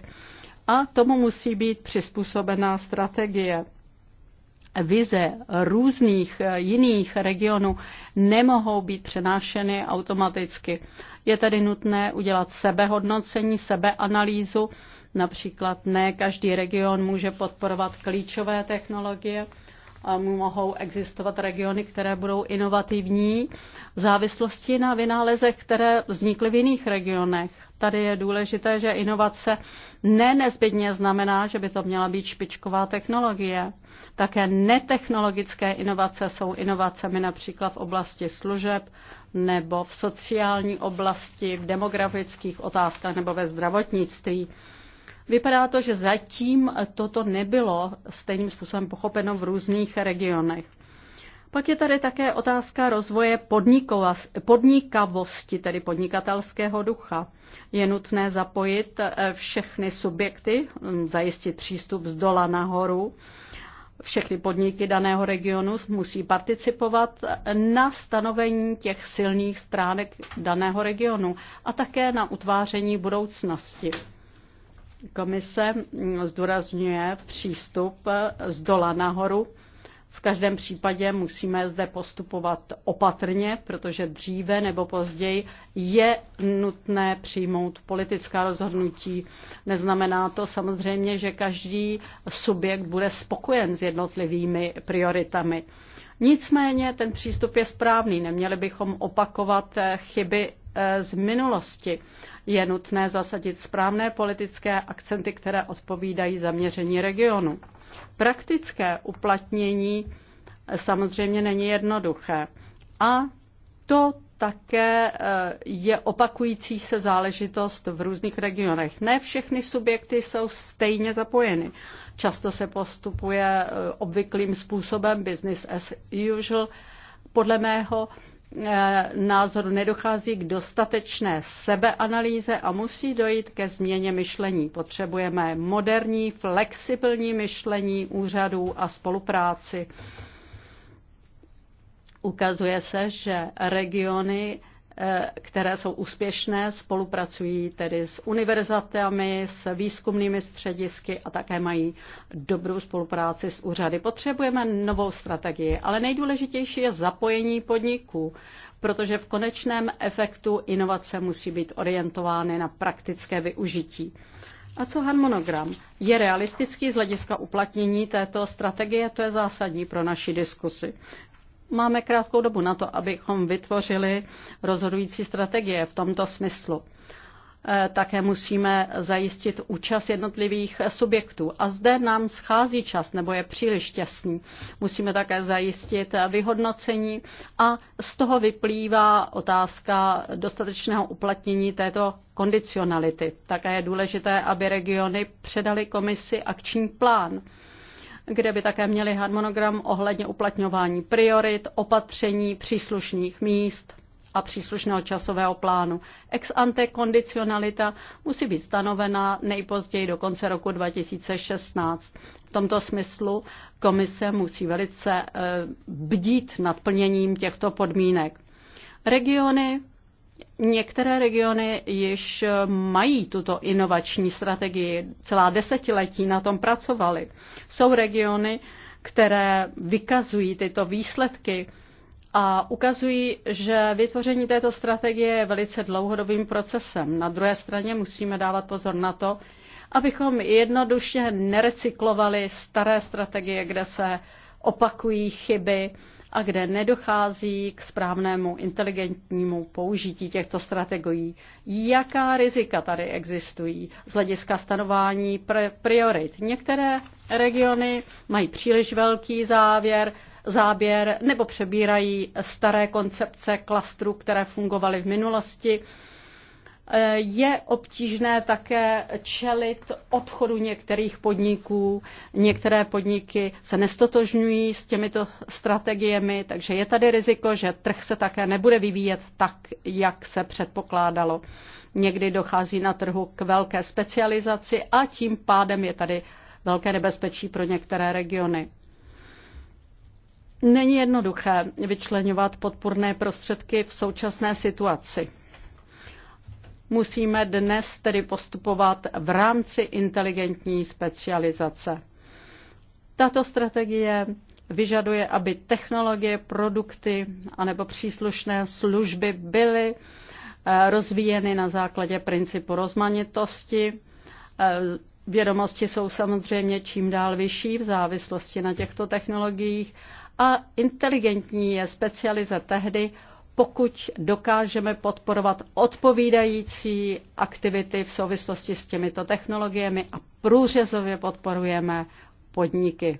a tomu musí být přizpůsobená strategie. Vize různých eh, jiných regionů nemohou být přenášeny automaticky. Je tedy nutné udělat sebehodnocení, sebeanalýzu Například ne každý region může podporovat klíčové technologie, mohou existovat regiony, které budou inovativní v závislosti na vynálezech, které vznikly v jiných regionech. Tady je důležité, že inovace ne nezbytně znamená, že by to měla být špičková technologie. Také netechnologické inovace jsou inovacemi například v oblasti služeb nebo v sociální oblasti, v demografických otázkách nebo ve zdravotnictví. Vypadá to, že zatím toto nebylo stejným způsobem pochopeno v různých regionech. Pak je tady také otázka rozvoje podnikavosti, tedy podnikatelského ducha. Je nutné zapojit eh, všechny subjekty, hm, zajistit přístup z dola nahoru. Všechny podniky daného regionu musí participovat eh, na stanovení těch silných stránek daného regionu a také na utváření budoucnosti. Komise mm, zdůrazňuje přístup eh, z dola nahoru. V každém případě musíme zde postupovat opatrně, protože dříve nebo později je nutné přijmout politická rozhodnutí. Neznamená to samozřejmě, že každý subjekt bude spokojen s jednotlivými prioritami. Nicméně ten přístup je správný. Neměli bychom opakovat eh, chyby Eh, z minulosti. Je nutné zasadit správné politické akcenty, které odpovídají zaměření regionu. Praktické uplatnění eh, samozřejmě není jednoduché. A to také eh, je opakující se záležitost v různých regionech. Ne všechny subjekty jsou stejně zapojeny. Často se postupuje obvyklým způsobem business as usual. Podle mého Eh, názoru nedochází k dostatečné sebeanalýze a musí dojít ke změně myšlení. Potřebujeme moderní, flexibilní myšlení úřadů a spolupráci. Ukazuje se, že regiony Eh, které jsou úspěšné, spolupracují tedy s univerzitami, s výzkumnými středisky a také mají dobrou spolupráci s úřady. Potřebujeme novou strategii, ale nejdůležitější je zapojení podniků, protože v konečném efektu inovace musí být orientovány na praktické využití. A co harmonogram? Je realistický z hlediska uplatnění této strategie? To je zásadní pro naši diskusi máme krátkou dobu na to, abychom vytvořili rozhodující strategie v tomto smyslu. Eh, také musíme zajistit účast jednotlivých subjektů. A zde nám schází čas, nebo je příliš těsný. Musíme také zajistit vyhodnocení a z toho vyplývá otázka dostatečného uplatnění této kondicionality. Také je důležité, aby regiony předali komisi akční plán kde by také měli harmonogram ohledně uplatňování priorit, opatření příslušných míst a příslušného časového plánu. Ex ante kondicionalita musí být stanovena nejpozději do konce roku 2016. V tomto smyslu komise musí velice eh, bdít nad plněním těchto podmínek. Regiony Některé regiony již mají tuto inovační strategii, celá desetiletí na tom pracovali. Jsou regiony, které vykazují tyto výsledky a ukazují, že vytvoření této strategie je velice dlouhodobým procesem. Na druhé straně musíme dávat pozor na to, abychom jednoduše nerecyklovali staré strategie, kde se opakují chyby, a kde nedochází k správnému inteligentnímu použití těchto strategií. Jaká rizika tady existují z hlediska stanování priorit? Některé regiony mají příliš velký závěr, záběr nebo přebírají staré koncepce klastrů, které fungovaly v minulosti. Eh, je obtížné také čelit odchodu některých podniků. Některé podniky se nestotožňují s těmito strategiemi, takže je tady riziko, že trh se také nebude vyvíjet tak, jak se předpokládalo. Někdy dochází na trhu k velké specializaci a tím pádem je tady velké nebezpečí pro některé regiony. Není jednoduché vyčlenovat podpůrné prostředky v současné situaci musíme dnes tedy postupovat v rámci inteligentní specializace. Tato strategie vyžaduje, aby technologie, produkty anebo příslušné služby byly eh, rozvíjeny na základě principu rozmanitosti. Eh, vědomosti jsou samozřejmě čím dál vyšší v závislosti na těchto technologiích a inteligentní je specialize tehdy, pokud dokážeme podporovat odpovídající aktivity v souvislosti s těmito technologiemi a průřezově podporujeme podniky.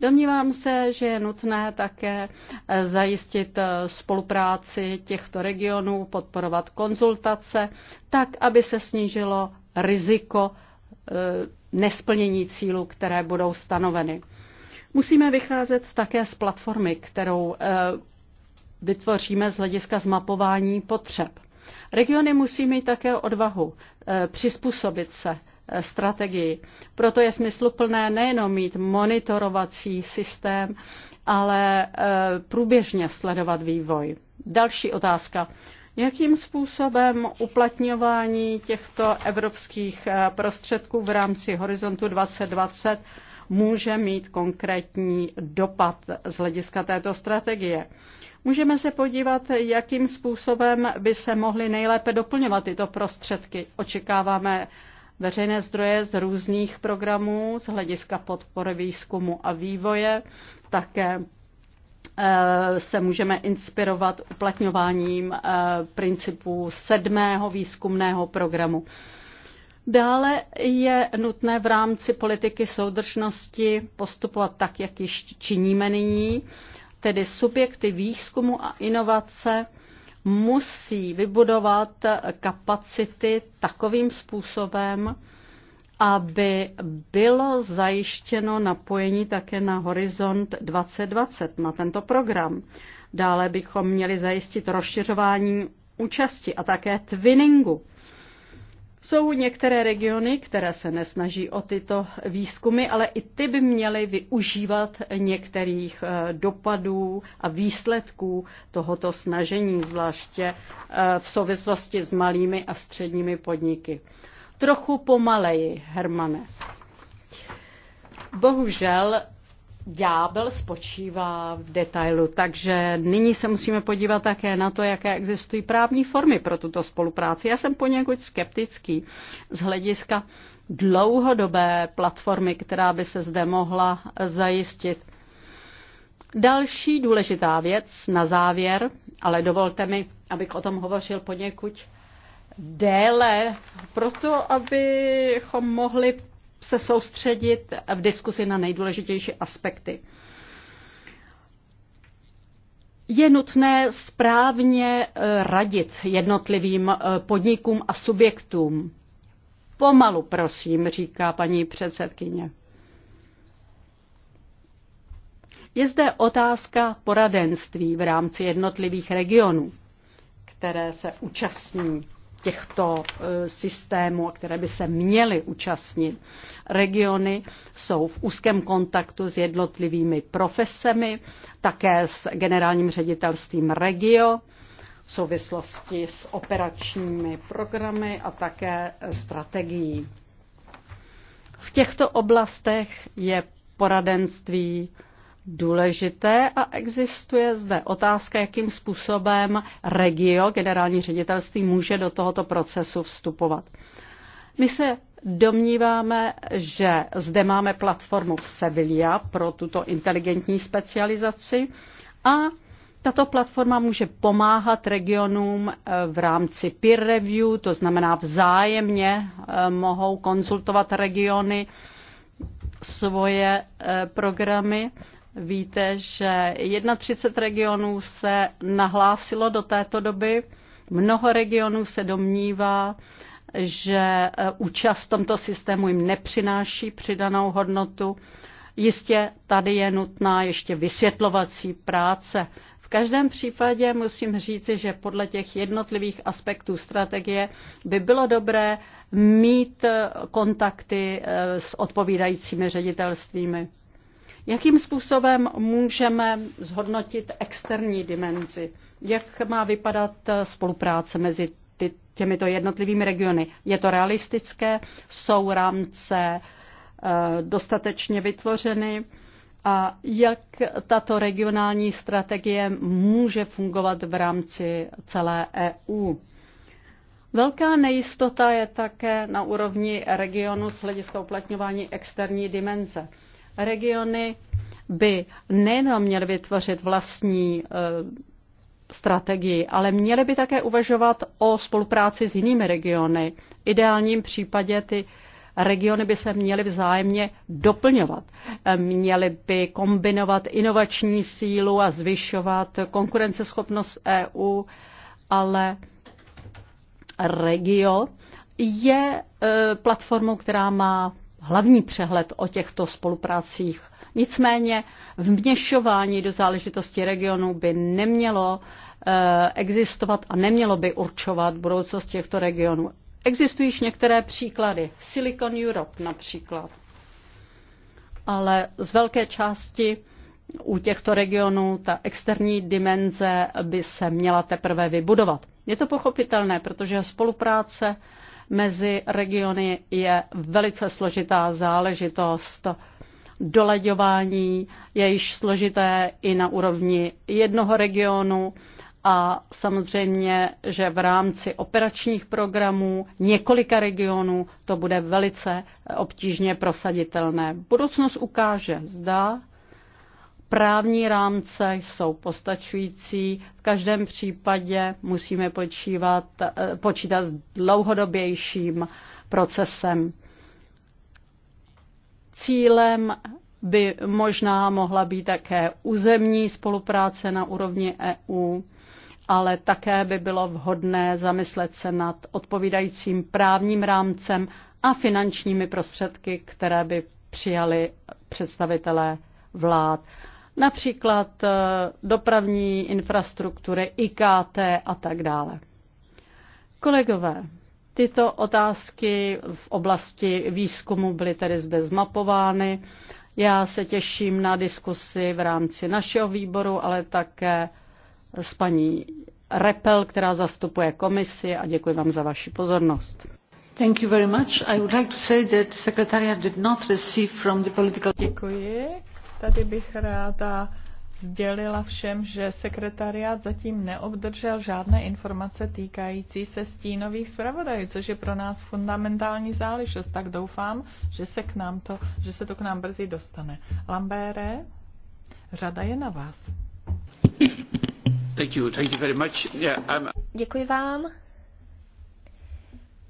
Domnívám se, že je nutné také eh, zajistit eh, spolupráci těchto regionů, podporovat konzultace, tak, aby se snížilo riziko eh, nesplnění cílů, které budou stanoveny. Musíme vycházet také z platformy, kterou vytvoříme z hlediska zmapování potřeb. Regiony musí mít také odvahu eh, přizpůsobit se eh, strategii. Proto je smysluplné nejenom mít monitorovací systém, ale eh, průběžně sledovat vývoj. Další otázka. Jakým způsobem uplatňování těchto evropských prostředků v rámci Horizontu 2020 může mít konkrétní dopad z hlediska této strategie? Můžeme se podívat, jakým způsobem by se mohly nejlépe doplňovat tyto prostředky. Očekáváme veřejné zdroje z různých programů, z hlediska podpory výzkumu a vývoje, také eh, se můžeme inspirovat uplatňováním eh, principů sedmého výzkumného programu. Dále je nutné v rámci politiky soudržnosti postupovat tak, jak již činíme nyní tedy subjekty výzkumu a inovace, musí vybudovat kapacity takovým způsobem, aby bylo zajištěno napojení také na Horizont 2020, na tento program. Dále bychom měli zajistit rozšiřování účasti a také twinningu jsou některé regiony, které se nesnaží o tyto výzkumy, ale i ty by měly využívat některých eh, dopadů a výsledků tohoto snažení, zvláště eh, v souvislosti s malými a středními podniky. Trochu pomaleji, Hermane. Bohužel ďábel spočívá v detailu, takže nyní se musíme podívat také na to, jaké existují právní formy pro tuto spolupráci. Já jsem poněkud skeptický z hlediska dlouhodobé platformy, která by se zde mohla zajistit. Další důležitá věc na závěr, ale dovolte mi, abych o tom hovořil poněkud déle, proto abychom mohli se soustředit v diskusi na nejdůležitější aspekty. Je nutné správně eh, radit jednotlivým eh, podnikům a subjektům. Pomalu, prosím, říká paní předsedkyně. Je zde otázka poradenství v rámci jednotlivých regionů, které se účastní těchto e, systémů, které by se měly účastnit. Regiony jsou v úzkém kontaktu s jednotlivými profesemi, také s generálním ředitelstvím Regio v souvislosti s operačními programy a také strategií. V těchto oblastech je poradenství důležité a existuje zde otázka, jakým způsobem regio, generální ředitelství, může do tohoto procesu vstupovat. My se domníváme, že zde máme platformu v Sevilla pro tuto inteligentní specializaci a tato platforma může pomáhat regionům eh, v rámci peer review, to znamená vzájemně eh, mohou konzultovat regiony svoje eh, programy Víte, že 31 regionů se nahlásilo do této doby. Mnoho regionů se domnívá, že e, účast v tomto systému jim nepřináší přidanou hodnotu. Jistě tady je nutná ještě vysvětlovací práce. V každém případě musím říci, že podle těch jednotlivých aspektů strategie by bylo dobré mít e, kontakty e, s odpovídajícími ředitelstvími. Jakým způsobem můžeme zhodnotit externí dimenzi? Jak má vypadat spolupráce mezi ty, těmito jednotlivými regiony? Je to realistické? Jsou rámce eh, dostatečně vytvořeny? A jak tato regionální strategie může fungovat v rámci celé EU? Velká nejistota je také na úrovni regionu z hlediska uplatňování externí dimenze. Regiony by nejenom měly vytvořit vlastní eh, strategii, ale měly by také uvažovat o spolupráci s jinými regiony. V ideálním případě ty regiony by se měly vzájemně doplňovat. Eh, měly by kombinovat inovační sílu a zvyšovat konkurenceschopnost EU, ale regio je eh, platformou, která má hlavní přehled o těchto spoluprácích. Nicméně vměšování do záležitosti regionu by nemělo eh, existovat a nemělo by určovat budoucnost těchto regionů. Existují již některé příklady. Silicon Europe například. Ale z velké části u těchto regionů ta externí dimenze by se měla teprve vybudovat. Je to pochopitelné, protože spolupráce mezi regiony je velice složitá záležitost. Doleďování je již složité i na úrovni jednoho regionu a samozřejmě, že v rámci operačních programů několika regionů to bude velice obtížně prosaditelné. Budoucnost ukáže, zda Právní rámce jsou postačující, v každém případě musíme počívat, eh, počítat s dlouhodobějším procesem. Cílem by možná mohla být také územní spolupráce na úrovni EU, ale také by bylo vhodné zamyslet se nad odpovídajícím právním rámcem a finančními prostředky, které by přijali představitelé vlád například eh, dopravní infrastruktury, IKT a tak dále. Kolegové, tyto otázky v oblasti výzkumu byly tedy zde zmapovány. Já se těším na diskusi v rámci našeho výboru, ale také s paní Repel, která zastupuje komisi a děkuji vám za vaši pozornost. Thank you very much. I would like to say that secretariat did not receive from the political Děkuji. Tady bych ráda sdělila všem, že sekretariát zatím neobdržel žádné informace týkající se stínových zpravodajů, což je pro nás fundamentální záležitost. Tak doufám, že se, k nám to, že se to k nám brzy dostane. Lambére, řada je na vás. Thank you, thank you very much. Yeah, I'm... Děkuji vám.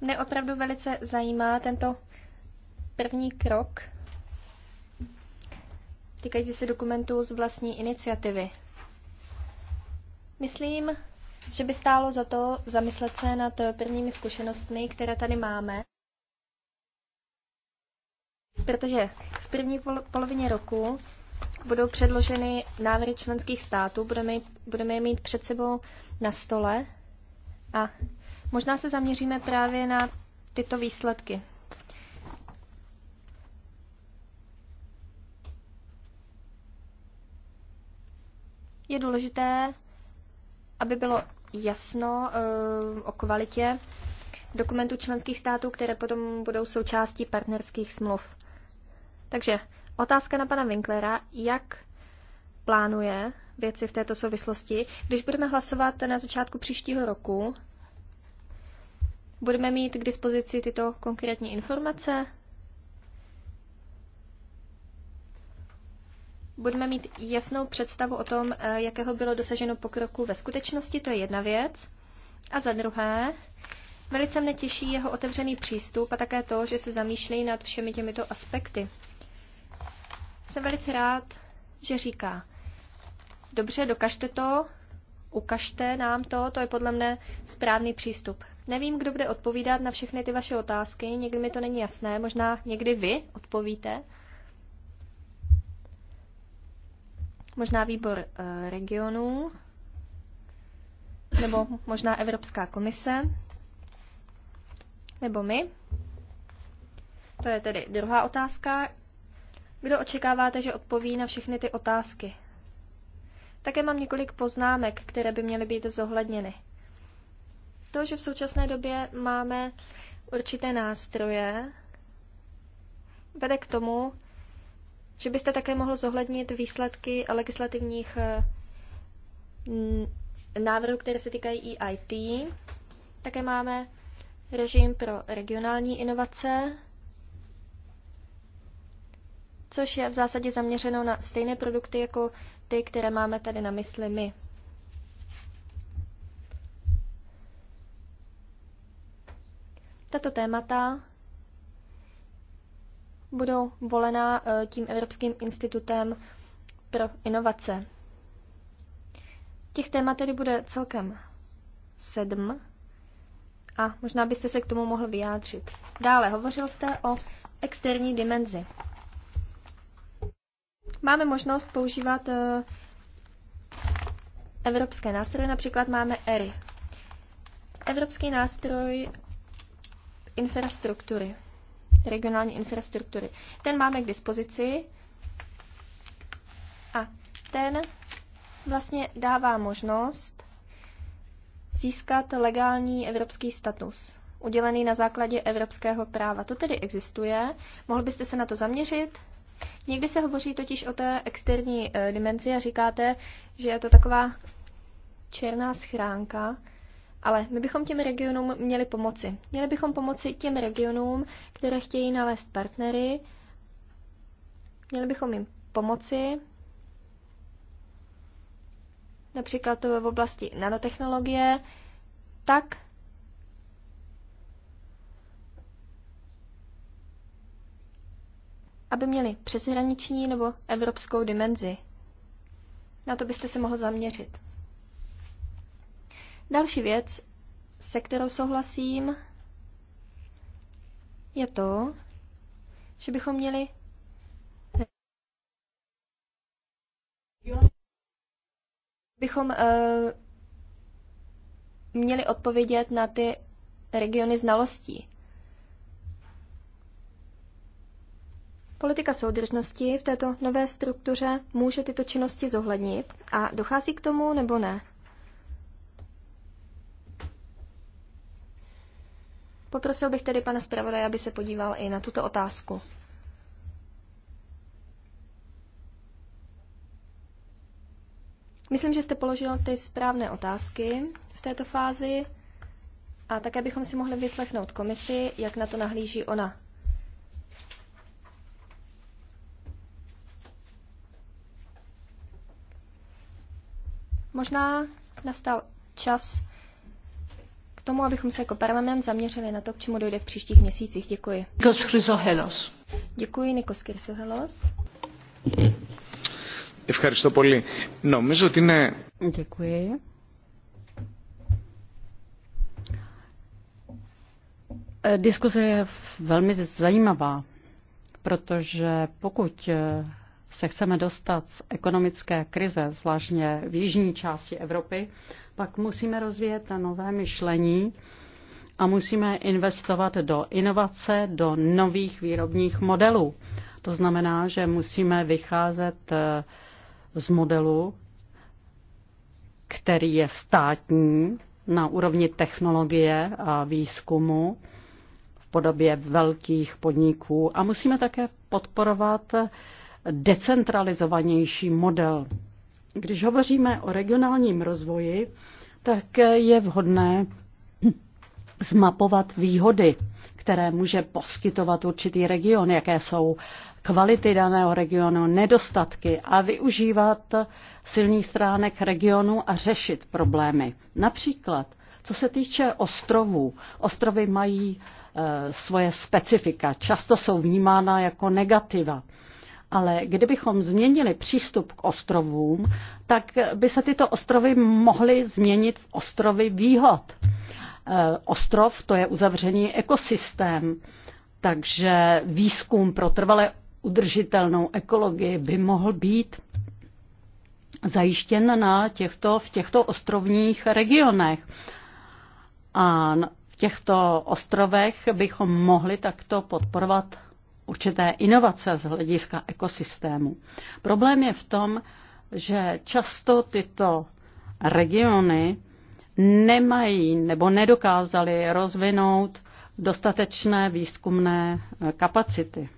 Mne opravdu velice zajímá tento první krok týkající se dokumentů z vlastní iniciativy. Myslím, že by stálo za to zamyslet se nad prvními zkušenostmi, které tady máme, protože v první polovině roku budou předloženy návrhy členských států, budeme, budeme je mít před sebou na stole a možná se zaměříme právě na tyto výsledky. Je důležité, aby bylo jasno eh, o kvalitě dokumentů členských států, které potom budou součástí partnerských smluv. Takže otázka na pana Winklera, jak plánuje věci v této souvislosti. Když budeme hlasovat na začátku příštího roku, budeme mít k dispozici tyto konkrétní informace? budeme mít jasnou představu o tom, eh, jakého bylo dosaženo pokroku ve skutečnosti, to je jedna věc. A za druhé, velice mne těší jeho otevřený přístup a také to, že se zamýšlí nad všemi těmito aspekty. Jsem velice rád, že říká, dobře, dokažte to, ukažte nám to, to je podle mne správný přístup. Nevím, kdo bude odpovídat na všechny ty vaše otázky, někdy mi to není jasné, možná někdy vy odpovíte. Možná výbor eh, regionů, nebo možná Evropská komise, nebo my. To je tedy druhá otázka. Kdo očekáváte, že odpoví na všechny ty otázky? Také mám několik poznámek, které by měly být zohledněny. To, že v současné době máme určité nástroje, vede k tomu, že byste také mohl zohlednit výsledky legislativních eh, návrhů, které se týkají EIT. Také máme režim pro regionální inovace, což je v zásadě zaměřeno na stejné produkty jako ty, které máme tady na mysli my. Tato témata budou volena eh, tím Evropským institutem pro inovace. Těch témat tedy bude celkem sedm a možná byste se k tomu mohl vyjádřit. Dále hovořil jste o externí dimenzi. Máme možnost používat eh, evropské nástroje, například máme ERI. Evropský nástroj infrastruktury regionální infrastruktury. Ten máme k dispozici a ten vlastně dává možnost získat legální evropský status, udělený na základě evropského práva. To tedy existuje, mohl byste se na to zaměřit. Někdy se hovoří totiž o té externí eh, dimenzi a říkáte, že je to taková černá schránka, ale my bychom těm regionům měli pomoci. Měli bychom pomoci těm regionům, které chtějí nalézt partnery. Měli bychom jim pomoci, například v oblasti nanotechnologie, tak, aby měli přeshraniční nebo evropskou dimenzi. Na to byste se mohl zaměřit. Další věc, se kterou souhlasím, je to, že bychom měli bychom uh, měli odpovědět na ty regiony znalostí. Politika soudržnosti v této nové struktuře může tyto činnosti zohlednit a dochází k tomu nebo ne? Poprosil bych tedy pana zpravodaje, aby se podíval i na tuto otázku. Myslím, že jste položil ty správné otázky v této fázi a také bychom si mohli vyslechnout komisi, jak na to nahlíží ona. Možná nastal čas tomu, abychom se jako parlament zaměřili na to, k čemu dojde v příštích měsících. Děkuji. Nikos Chrysohelos. Děkuji, Nikos Chrysohelos. Ευχαριστώ πολύ. Νομίζω ότι είναι... Děkuji. Diskuse je velmi zajímavá, protože pokud eh, se chceme dostat z ekonomické krize, zvláštně v jižní části Evropy, pak musíme rozvíjet nové myšlení a musíme investovat do inovace, do nových výrobních modelů. To znamená, že musíme vycházet eh, z modelu, který je státní na úrovni technologie a výzkumu v podobě velkých podniků. A musíme také podporovat decentralizovanější model. Když hovoříme o regionálním rozvoji, tak je vhodné zmapovat výhody, které může poskytovat určitý region, jaké jsou kvality daného regionu, nedostatky a využívat silných stránek regionu a řešit problémy. Například, co se týče ostrovů, ostrovy mají e, svoje specifika, často jsou vnímána jako negativa ale kdybychom změnili přístup k ostrovům, tak by se tyto ostrovy mohly změnit v ostrovy výhod. Eh, ostrov to je uzavřený ekosystém, takže výzkum pro trvale udržitelnou ekologii by mohl být zajištěn na těchto, v těchto ostrovních regionech. A v těchto ostrovech bychom mohli takto podporovat určité inovace z hlediska ekosystému. Problém je v tom, že často tyto regiony nemají nebo nedokázaly rozvinout dostatečné výzkumné kapacity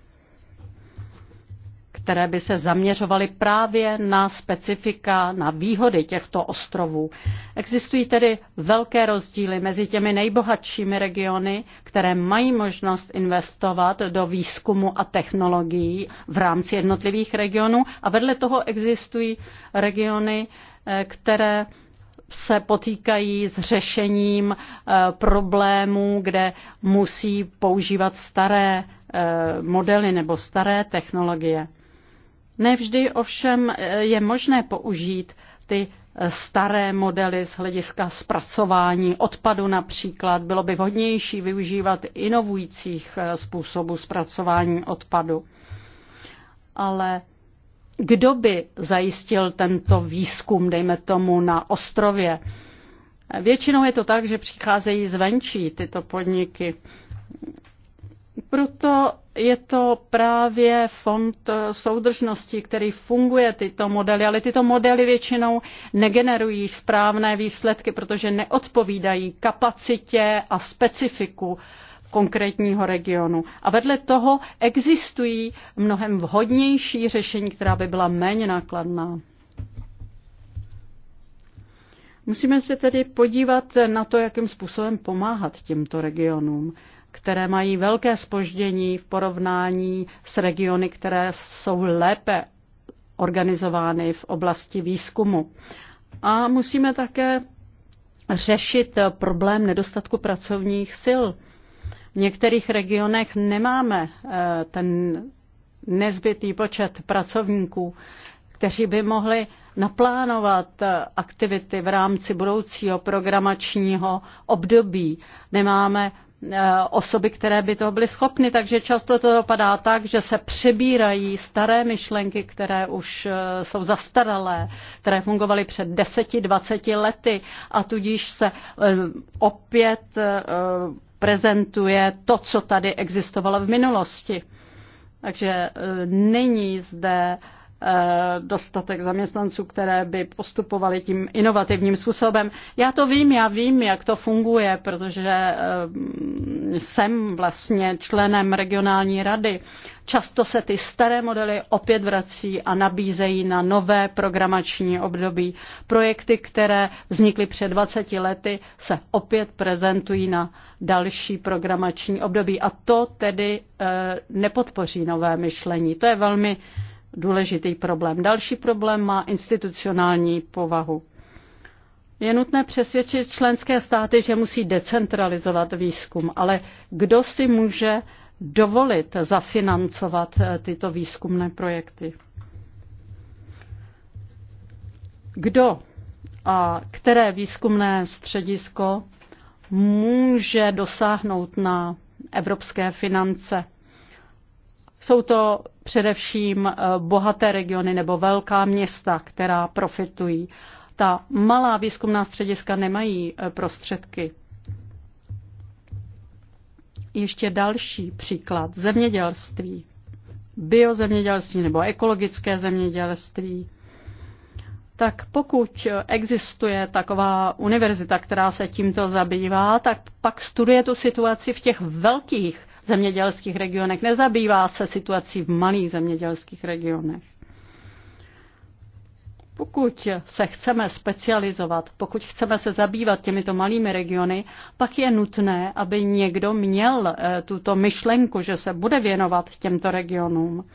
které by se zaměřovaly právě na specifika, na výhody těchto ostrovů. Existují tedy velké rozdíly mezi těmi nejbohatšími regiony, které mají možnost investovat do výzkumu a technologií v rámci jednotlivých regionů a vedle toho existují regiony, eh, které se potýkají s řešením eh, problémů, kde musí používat staré eh, modely nebo staré technologie. Nevždy ovšem e, je možné použít ty e, staré modely z hlediska zpracování odpadu například. Bylo by vhodnější využívat inovujících e, způsobů zpracování odpadu. Ale kdo by zajistil tento výzkum, dejme tomu, na ostrově? Většinou je to tak, že přicházejí zvenčí tyto podniky. Proto je to právě fond eh, soudržnosti, který funguje tyto modely, ale tyto modely většinou negenerují správné výsledky, protože neodpovídají kapacitě a specifiku konkrétního regionu. A vedle toho existují mnohem vhodnější řešení, která by byla méně nákladná. Musíme se tedy podívat na to, jakým způsobem pomáhat těmto regionům které mají velké spoždění v porovnání s regiony, které jsou lépe organizovány v oblasti výzkumu. A musíme také řešit problém nedostatku pracovních sil. V některých regionech nemáme eh, ten nezbytý počet pracovníků, kteří by mohli naplánovat eh, aktivity v rámci budoucího programačního období. Nemáme Eh, osoby, které by toho byly schopny, takže často to dopadá tak, že se přebírají staré myšlenky, které už eh, jsou zastaralé, které fungovaly před 10-20 lety a tudíž se eh, opět prezentuje to, co tady existovalo v minulosti. Takže není zde uh, Eh, dostatek zaměstnanců, které by postupovali tím inovativním způsobem. Já to vím, já vím, jak to funguje, protože eh, jsem vlastně členem regionální rady. Často se ty staré modely opět vrací a nabízejí na nové programační období. Projekty, které vznikly před 20 lety, se opět prezentují na další programační období. A to tedy eh, nepodpoří nové myšlení. To je velmi důležitý problém. Další problém má institucionální povahu. Je nutné přesvědčit členské státy, že musí decentralizovat výzkum, ale kdo si může dovolit zafinancovat eh, tyto výzkumné projekty? Kdo a které výzkumné středisko může dosáhnout na evropské finance? Jsou to především eh, bohaté regiony nebo velká města, která profitují. Ta malá výzkumná střediska nemají eh, prostředky. Ještě další příklad. Zemědělství. Biozemědělství nebo ekologické zemědělství tak pokud existuje taková univerzita, která se tímto zabývá, tak pak studuje tu situaci v těch velkých zemědělských regionech, nezabývá se situací v malých zemědělských regionech. Pokud se chceme specializovat, pokud chceme se zabývat těmito malými regiony, pak je nutné, aby někdo měl eh, tuto myšlenku, že se bude věnovat těmto regionům.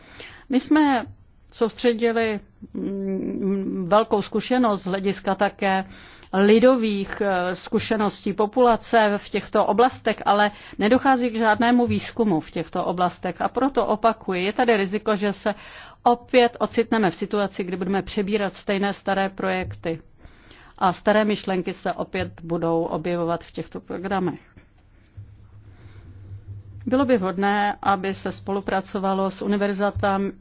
My jsme soustředili mm, velkou zkušenost z hlediska také lidových eh, zkušeností populace v těchto oblastech, ale nedochází k žádnému výzkumu v těchto oblastech. A proto opakuji, je tady riziko, že se opět ocitneme v situaci, kdy budeme přebírat stejné staré projekty. A staré myšlenky se opět budou objevovat v těchto programech. Bylo by vhodné, aby se spolupracovalo s,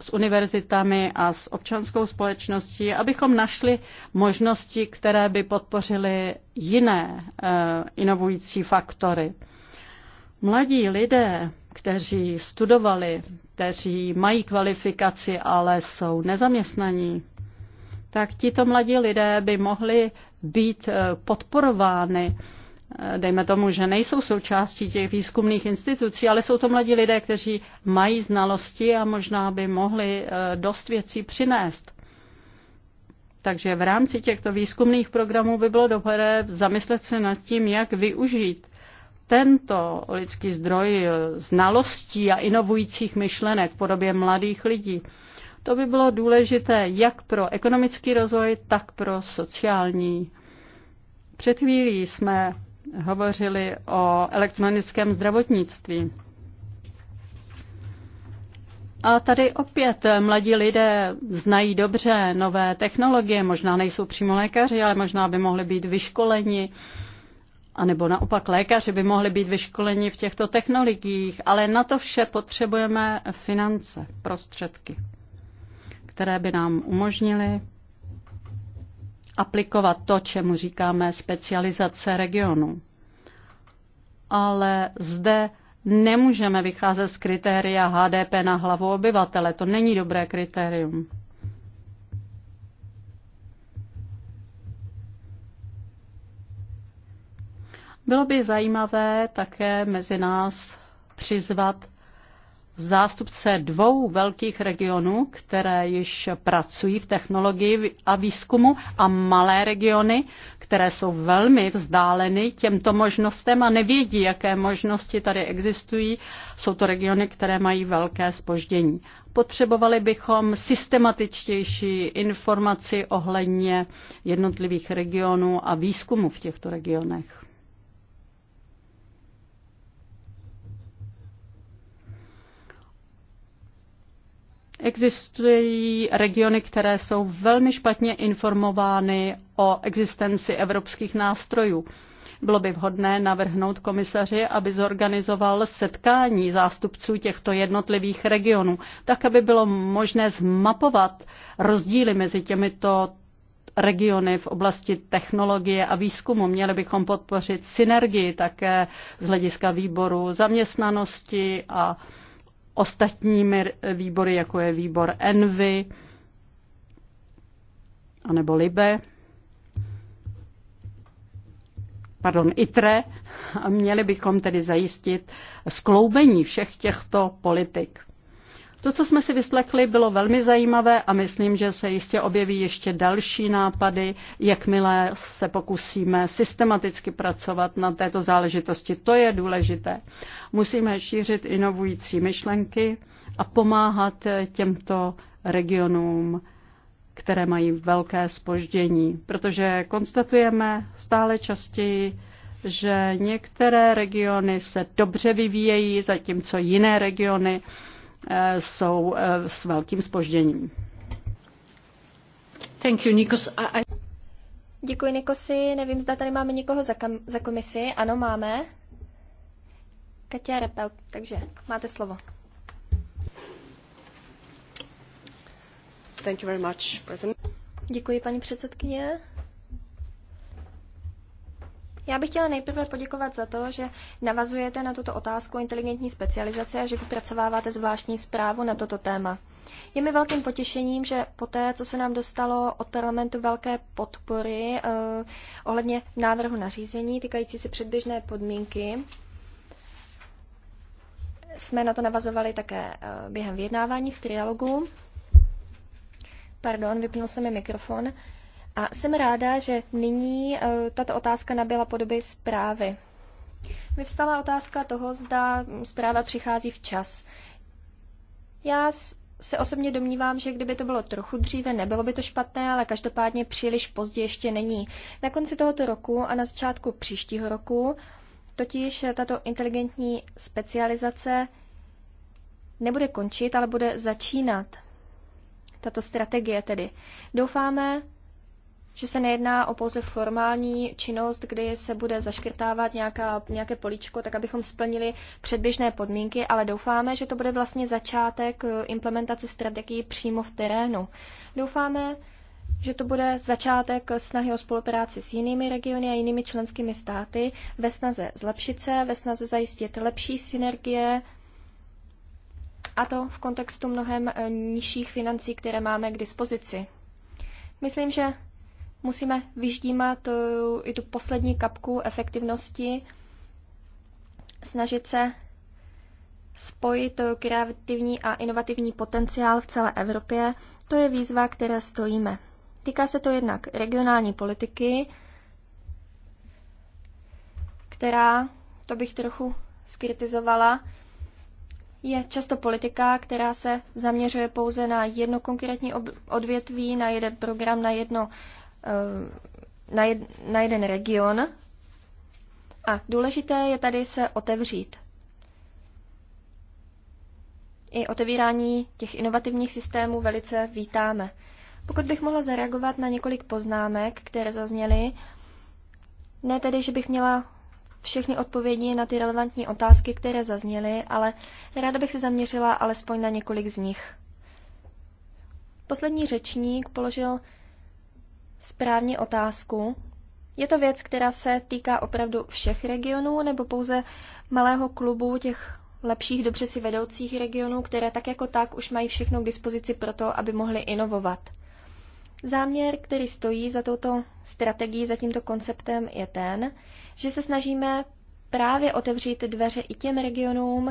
s univerzitami a s občanskou společností, abychom našli možnosti, které by podpořily jiné eh, inovující faktory. Mladí lidé, kteří studovali, kteří mají kvalifikaci, ale jsou nezaměstnaní, tak tito mladí lidé by mohli být eh, podporovány Eh, dejme tomu, že nejsou součástí těch výzkumných institucí, ale jsou to mladí lidé, kteří mají znalosti a možná by mohli eh, dost věcí přinést. Takže v rámci těchto výzkumných programů by bylo dobré zamyslet se nad tím, jak využít tento lidský zdroj eh, znalostí a inovujících myšlenek v podobě mladých lidí. To by bylo důležité jak pro ekonomický rozvoj, tak pro sociální. Před chvílí jsme hovořili o elektronickém zdravotnictví. A tady opět mladí lidé znají dobře nové technologie, možná nejsou přímo lékaři, ale možná by mohli být vyškoleni, anebo naopak lékaři by mohli být vyškoleni v těchto technologiích, ale na to vše potřebujeme finance, prostředky, které by nám umožnily aplikovat to, čemu říkáme specializace regionu. Ale zde nemůžeme vycházet z kritéria HDP na hlavu obyvatele. To není dobré kritérium. Bylo by zajímavé také mezi nás přizvat zástupce dvou velkých regionů, které již pracují v technologii a výzkumu a malé regiony, které jsou velmi vzdáleny těmto možnostem a nevědí, jaké možnosti tady existují. Jsou to regiony, které mají velké spoždění. Potřebovali bychom systematičtější informaci ohledně jednotlivých regionů a výzkumu v těchto regionech. Existují regiony, které jsou velmi špatně informovány o existenci evropských nástrojů. Bylo by vhodné navrhnout komisaři, aby zorganizoval setkání zástupců těchto jednotlivých regionů, tak aby bylo možné zmapovat rozdíly mezi těmito regiony v oblasti technologie a výzkumu. Měli bychom podpořit synergii také z hlediska výboru zaměstnanosti a ostatními výbory, jako je výbor Envy anebo Libe, pardon, ITRE, měli bychom tedy zajistit skloubení všech těchto politik. To, co jsme si vyslechli, bylo velmi zajímavé a myslím, že se jistě objeví ještě další nápady, jakmile se pokusíme systematicky pracovat na této záležitosti. To je důležité. Musíme šířit inovující myšlenky a pomáhat těmto regionům, které mají velké spoždění, protože konstatujeme stále častěji, že některé regiony se dobře vyvíjejí, zatímco jiné regiony Eh, jsou eh, s velkým spožděním. Thank you, Nikos. I... Děkuji, Nikosi. Nevím, zda tady máme někoho za, kam, za komisi. Ano, máme. Katia Repel, takže máte slovo. Thank you very much, President. Děkuji, paní předsedkyně. Já bych chtěla nejprve poděkovat za to, že navazujete na tuto otázku inteligentní specializace a že vypracováváte zvláštní zprávu na toto téma. Je mi velkým potěšením, že poté, co se nám dostalo od parlamentu velké podpory eh, ohledně návrhu nařízení týkající se předběžné podmínky, jsme na to navazovali také eh, během vyjednávání v trialogu. Pardon, vypnul se mi mikrofon. Eh, a jsem ráda, že nyní e, tato otázka nabyla podoby zprávy. Vyvstala otázka toho, zda mm, zpráva přichází včas. Já se osobně domnívám, že kdyby to bylo trochu dříve, nebylo by to špatné, ale každopádně příliš pozdě ještě není. Na konci tohoto roku a na začátku příštího roku totiž e, tato inteligentní specializace nebude končit, ale bude začínat. Tato strategie tedy. Doufáme, že se nejedná o pouze formální činnost, kdy se bude zaškrtávat nějaká, nějaké políčko, tak abychom splnili předběžné podmínky, ale doufáme, že to bude vlastně začátek eh, implementace strategií přímo v terénu. Doufáme, že to bude začátek snahy o spolupráci s jinými regiony a jinými členskými státy ve snaze zlepšit se, ve snaze zajistit lepší synergie, a to v kontextu mnohem eh, nižších financí, které máme k dispozici. Myslím, že musíme vyždímat eh, i tu poslední kapku efektivnosti, snažit se spojit eh, kreativní a inovativní potenciál v celé Evropě, to je výzva, které stojíme. Týká se to jednak regionální politiky, která, to bych trochu skritizovala, je často politika, která se zaměřuje pouze na jedno konkrétní odvětví, na jeden program, na jedno Eh, na, jed, na jeden region. A důležité je tady se otevřít. I otevírání těch inovativních systémů velice vítáme. Pokud bych mohla zareagovat na několik poznámek, které zazněly, ne tedy, že bych měla všechny odpovědi na ty relevantní otázky, které zazněly, ale ráda bych se zaměřila alespoň na několik z nich. Poslední řečník položil správně otázku. Je to věc, která se týká opravdu všech regionů nebo pouze malého klubu těch lepších, dobře si vedoucích regionů, které tak jako tak už mají všechno k dispozici pro to, aby mohly inovovat. Záměr, který stojí za touto strategií, za tímto konceptem, je ten, že se snažíme právě otevřít dveře i těm regionům,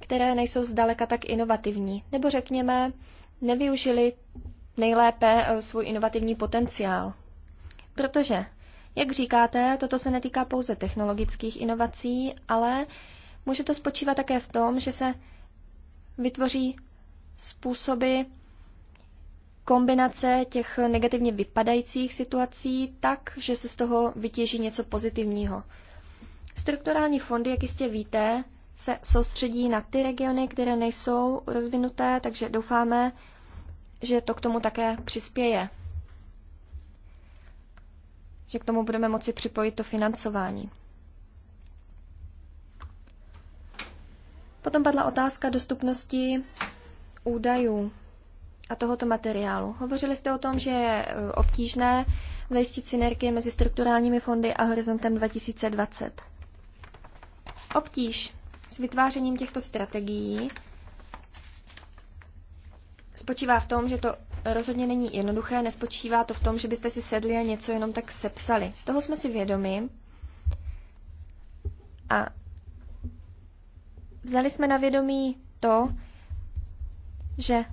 které nejsou zdaleka tak inovativní, nebo řekněme, nevyužili nejlépe eh, svůj inovativní potenciál. Protože, jak říkáte, toto se netýká pouze technologických inovací, ale může to spočívat také v tom, že se vytvoří způsoby kombinace těch negativně vypadajících situací tak, že se z toho vytěží něco pozitivního. Strukturální fondy, jak jistě víte, se soustředí na ty regiony, které nejsou rozvinuté, takže doufáme, že to k tomu také přispěje. Že k tomu budeme moci připojit to financování. Potom padla otázka dostupnosti údajů a tohoto materiálu. Hovořili jste o tom, že je e, obtížné zajistit synergie mezi strukturálními fondy a horizontem 2020. Obtíž s vytvářením těchto strategií spočívá v tom, že to rozhodně není jednoduché, nespočívá to v tom, že byste si sedli a něco jenom tak sepsali. Toho jsme si vědomi a vzali jsme na vědomí to, že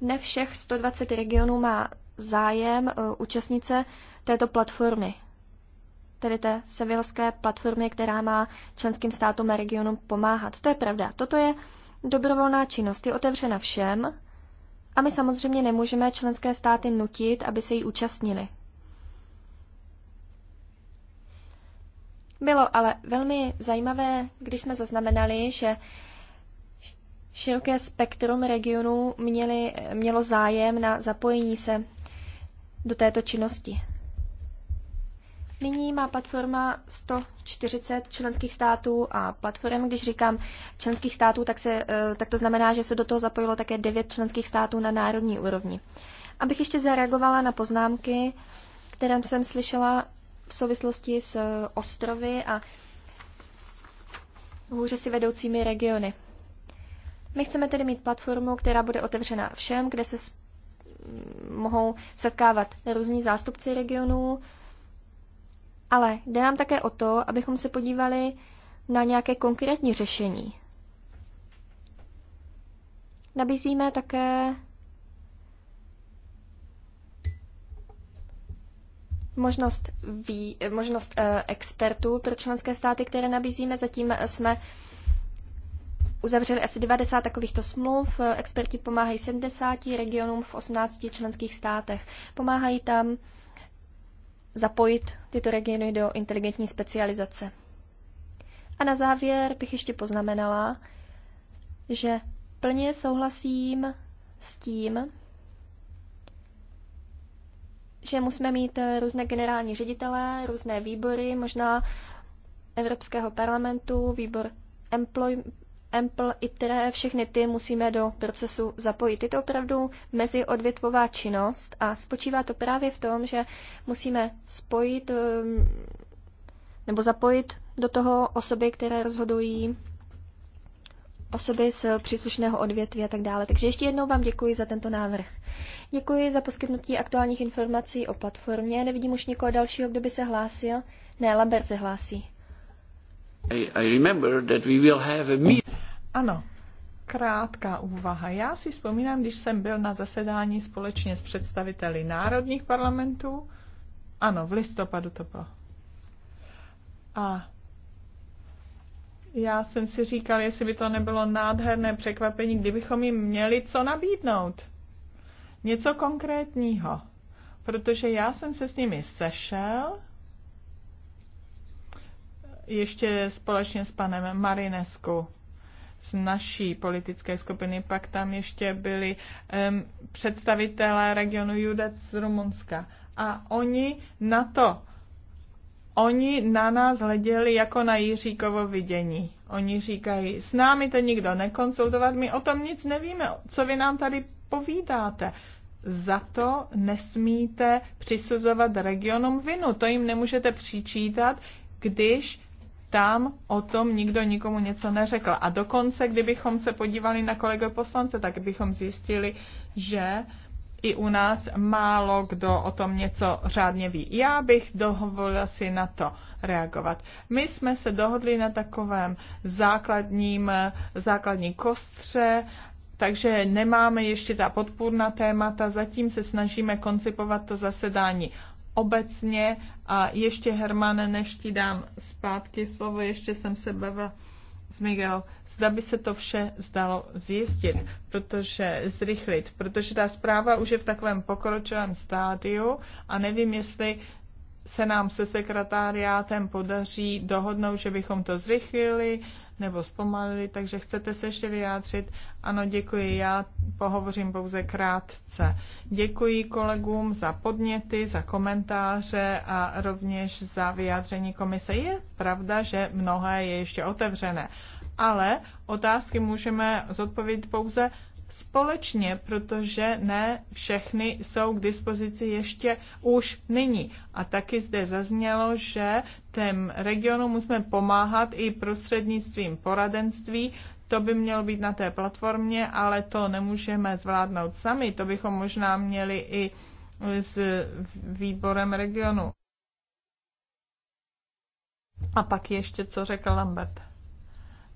ne všech 120 regionů má zájem e, účastnice této platformy, tedy té sevilské platformy, která má členským státům a regionům pomáhat. To je pravda. Toto je dobrovolná činnost, je otevřena všem, a my samozřejmě nemůžeme členské státy nutit, aby se jí účastnili. Bylo ale velmi zajímavé, když jsme zaznamenali, že široké spektrum regionů měli, mělo zájem na zapojení se do této činnosti. Nyní má platforma 140 členských států a platform, když říkám členských států, tak, se, eh, tak to znamená, že se do toho zapojilo také 9 členských států na národní úrovni. Abych ještě zareagovala na poznámky, které jsem slyšela v souvislosti s eh, ostrovy a hůře si vedoucími regiony. My chceme tedy mít platformu, která bude otevřena všem, kde se mohou setkávat různí zástupci regionů, ale jde nám také o to, abychom se podívali na nějaké konkrétní řešení. Nabízíme také možnost, ví, možnost eh, expertů pro členské státy, které nabízíme. Zatím jsme uzavřeli asi 90 takovýchto smluv. Experti pomáhají 70 regionům v 18 členských státech. Pomáhají tam eh, zapojit tyto regiony do inteligentní specializace. A na závěr bych ještě poznamenala, že plně souhlasím s tím, že musíme mít různé generální ředitele, různé výbory, možná Evropského parlamentu, výbor employ, Ample, které všechny ty musíme do procesu zapojit. Je to opravdu meziodvětvová činnost a spočívá to právě v tom, že musíme spojit um, nebo zapojit do toho osoby, které rozhodují osoby z příslušného odvětví a tak dále. Takže ještě jednou vám děkuji za tento návrh. Děkuji za poskytnutí aktuálních informací o platformě. Nevidím už nikoho dalšího, kdo by se hlásil. Ne, Lambert se hlásí. Ano, krátká úvaha. Já si vzpomínám, když jsem byl na zasedání společně s představiteli národních parlamentů. Ano, v listopadu to bylo. A já jsem si říkal, jestli by to nebylo nádherné překvapení, kdybychom jim měli co nabídnout. Něco konkrétního. Protože já jsem se s nimi sešel ještě společně s panem Marinesku z naší politické skupiny. Pak tam ještě byli um, představitelé regionu Judec z Rumunska. A oni na to, oni na nás hleděli jako na Jiříkovo vidění. Oni říkají, s námi to nikdo nekonsultovat, my o tom nic nevíme, co vy nám tady povídáte. Za to nesmíte přisuzovat regionům vinu. To jim nemůžete přičítat, když tam o tom nikdo nikomu něco neřekl. A dokonce, kdybychom se podívali na kolegu poslance, tak bychom zjistili, že i u nás málo kdo o tom něco řádně ví. Já bych dovolila si na to reagovat. My jsme se dohodli na takovém základním, základní kostře, takže nemáme ještě ta podpůrná témata, zatím se snažíme koncipovat to zasedání obecně a ještě Hermane, než ti dám zpátky slovo, ještě jsem se bavil s Miguel, zda by se to vše zdalo zjistit, protože zrychlit, protože ta zpráva už je v takovém pokročilém stádiu a nevím, jestli se nám se sekretariátem podaří dohodnout, že bychom to zrychlili, nebo zpomalili, takže chcete se ještě vyjádřit? Ano, děkuji, já pohovořím pouze krátce. Děkuji kolegům za podněty, za komentáře a rovněž za vyjádření komise. Je pravda, že mnohé je ještě otevřené, ale otázky můžeme zodpovědět pouze společně, protože ne všechny jsou k dispozici ještě už nyní. A taky zde zaznělo, že ten regionu musíme pomáhat i prostřednictvím poradenství, to by mělo být na té platformě, ale to nemůžeme zvládnout sami. To bychom možná měli i s výborem regionu. A pak ještě, co řekl Lambert.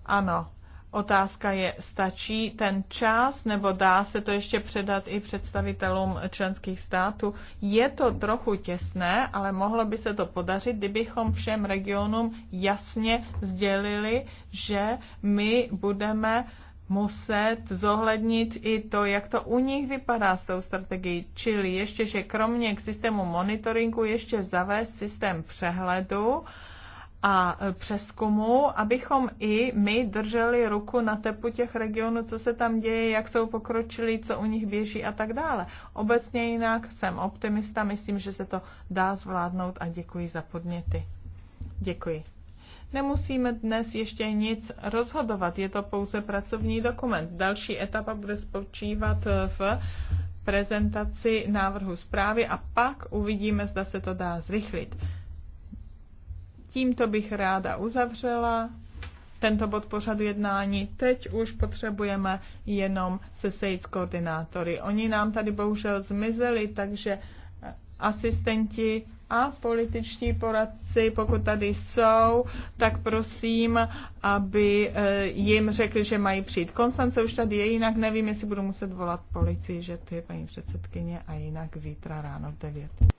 Ano, Otázka je, stačí ten čas, nebo dá se to ještě předat i představitelům členských států? Je to trochu těsné, ale mohlo by se to podařit, kdybychom všem regionům jasně sdělili, že my budeme muset zohlednit i to, jak to u nich vypadá s tou strategií. Čili ještě, že kromě k systému monitoringu ještě zavést systém přehledu, a přeskumu, abychom i my drželi ruku na tepu těch regionů, co se tam děje, jak jsou pokročili, co u nich běží a tak dále. Obecně jinak jsem optimista, myslím, že se to dá zvládnout a děkuji za podněty. Děkuji. Nemusíme dnes ještě nic rozhodovat, je to pouze pracovní dokument. Další etapa bude spočívat v prezentaci návrhu zprávy a pak uvidíme, zda se to dá zrychlit. Tímto bych ráda uzavřela tento bod pořadu jednání. Teď už potřebujeme jenom se sejít s koordinátory. Oni nám tady bohužel zmizeli, takže eh, asistenti a političtí poradci, pokud tady jsou, tak prosím, aby eh, jim řekli, že mají přijít. Konstance už tady je, jinak nevím, jestli budu muset volat policii, že to je paní předsedkyně a jinak zítra ráno v 9.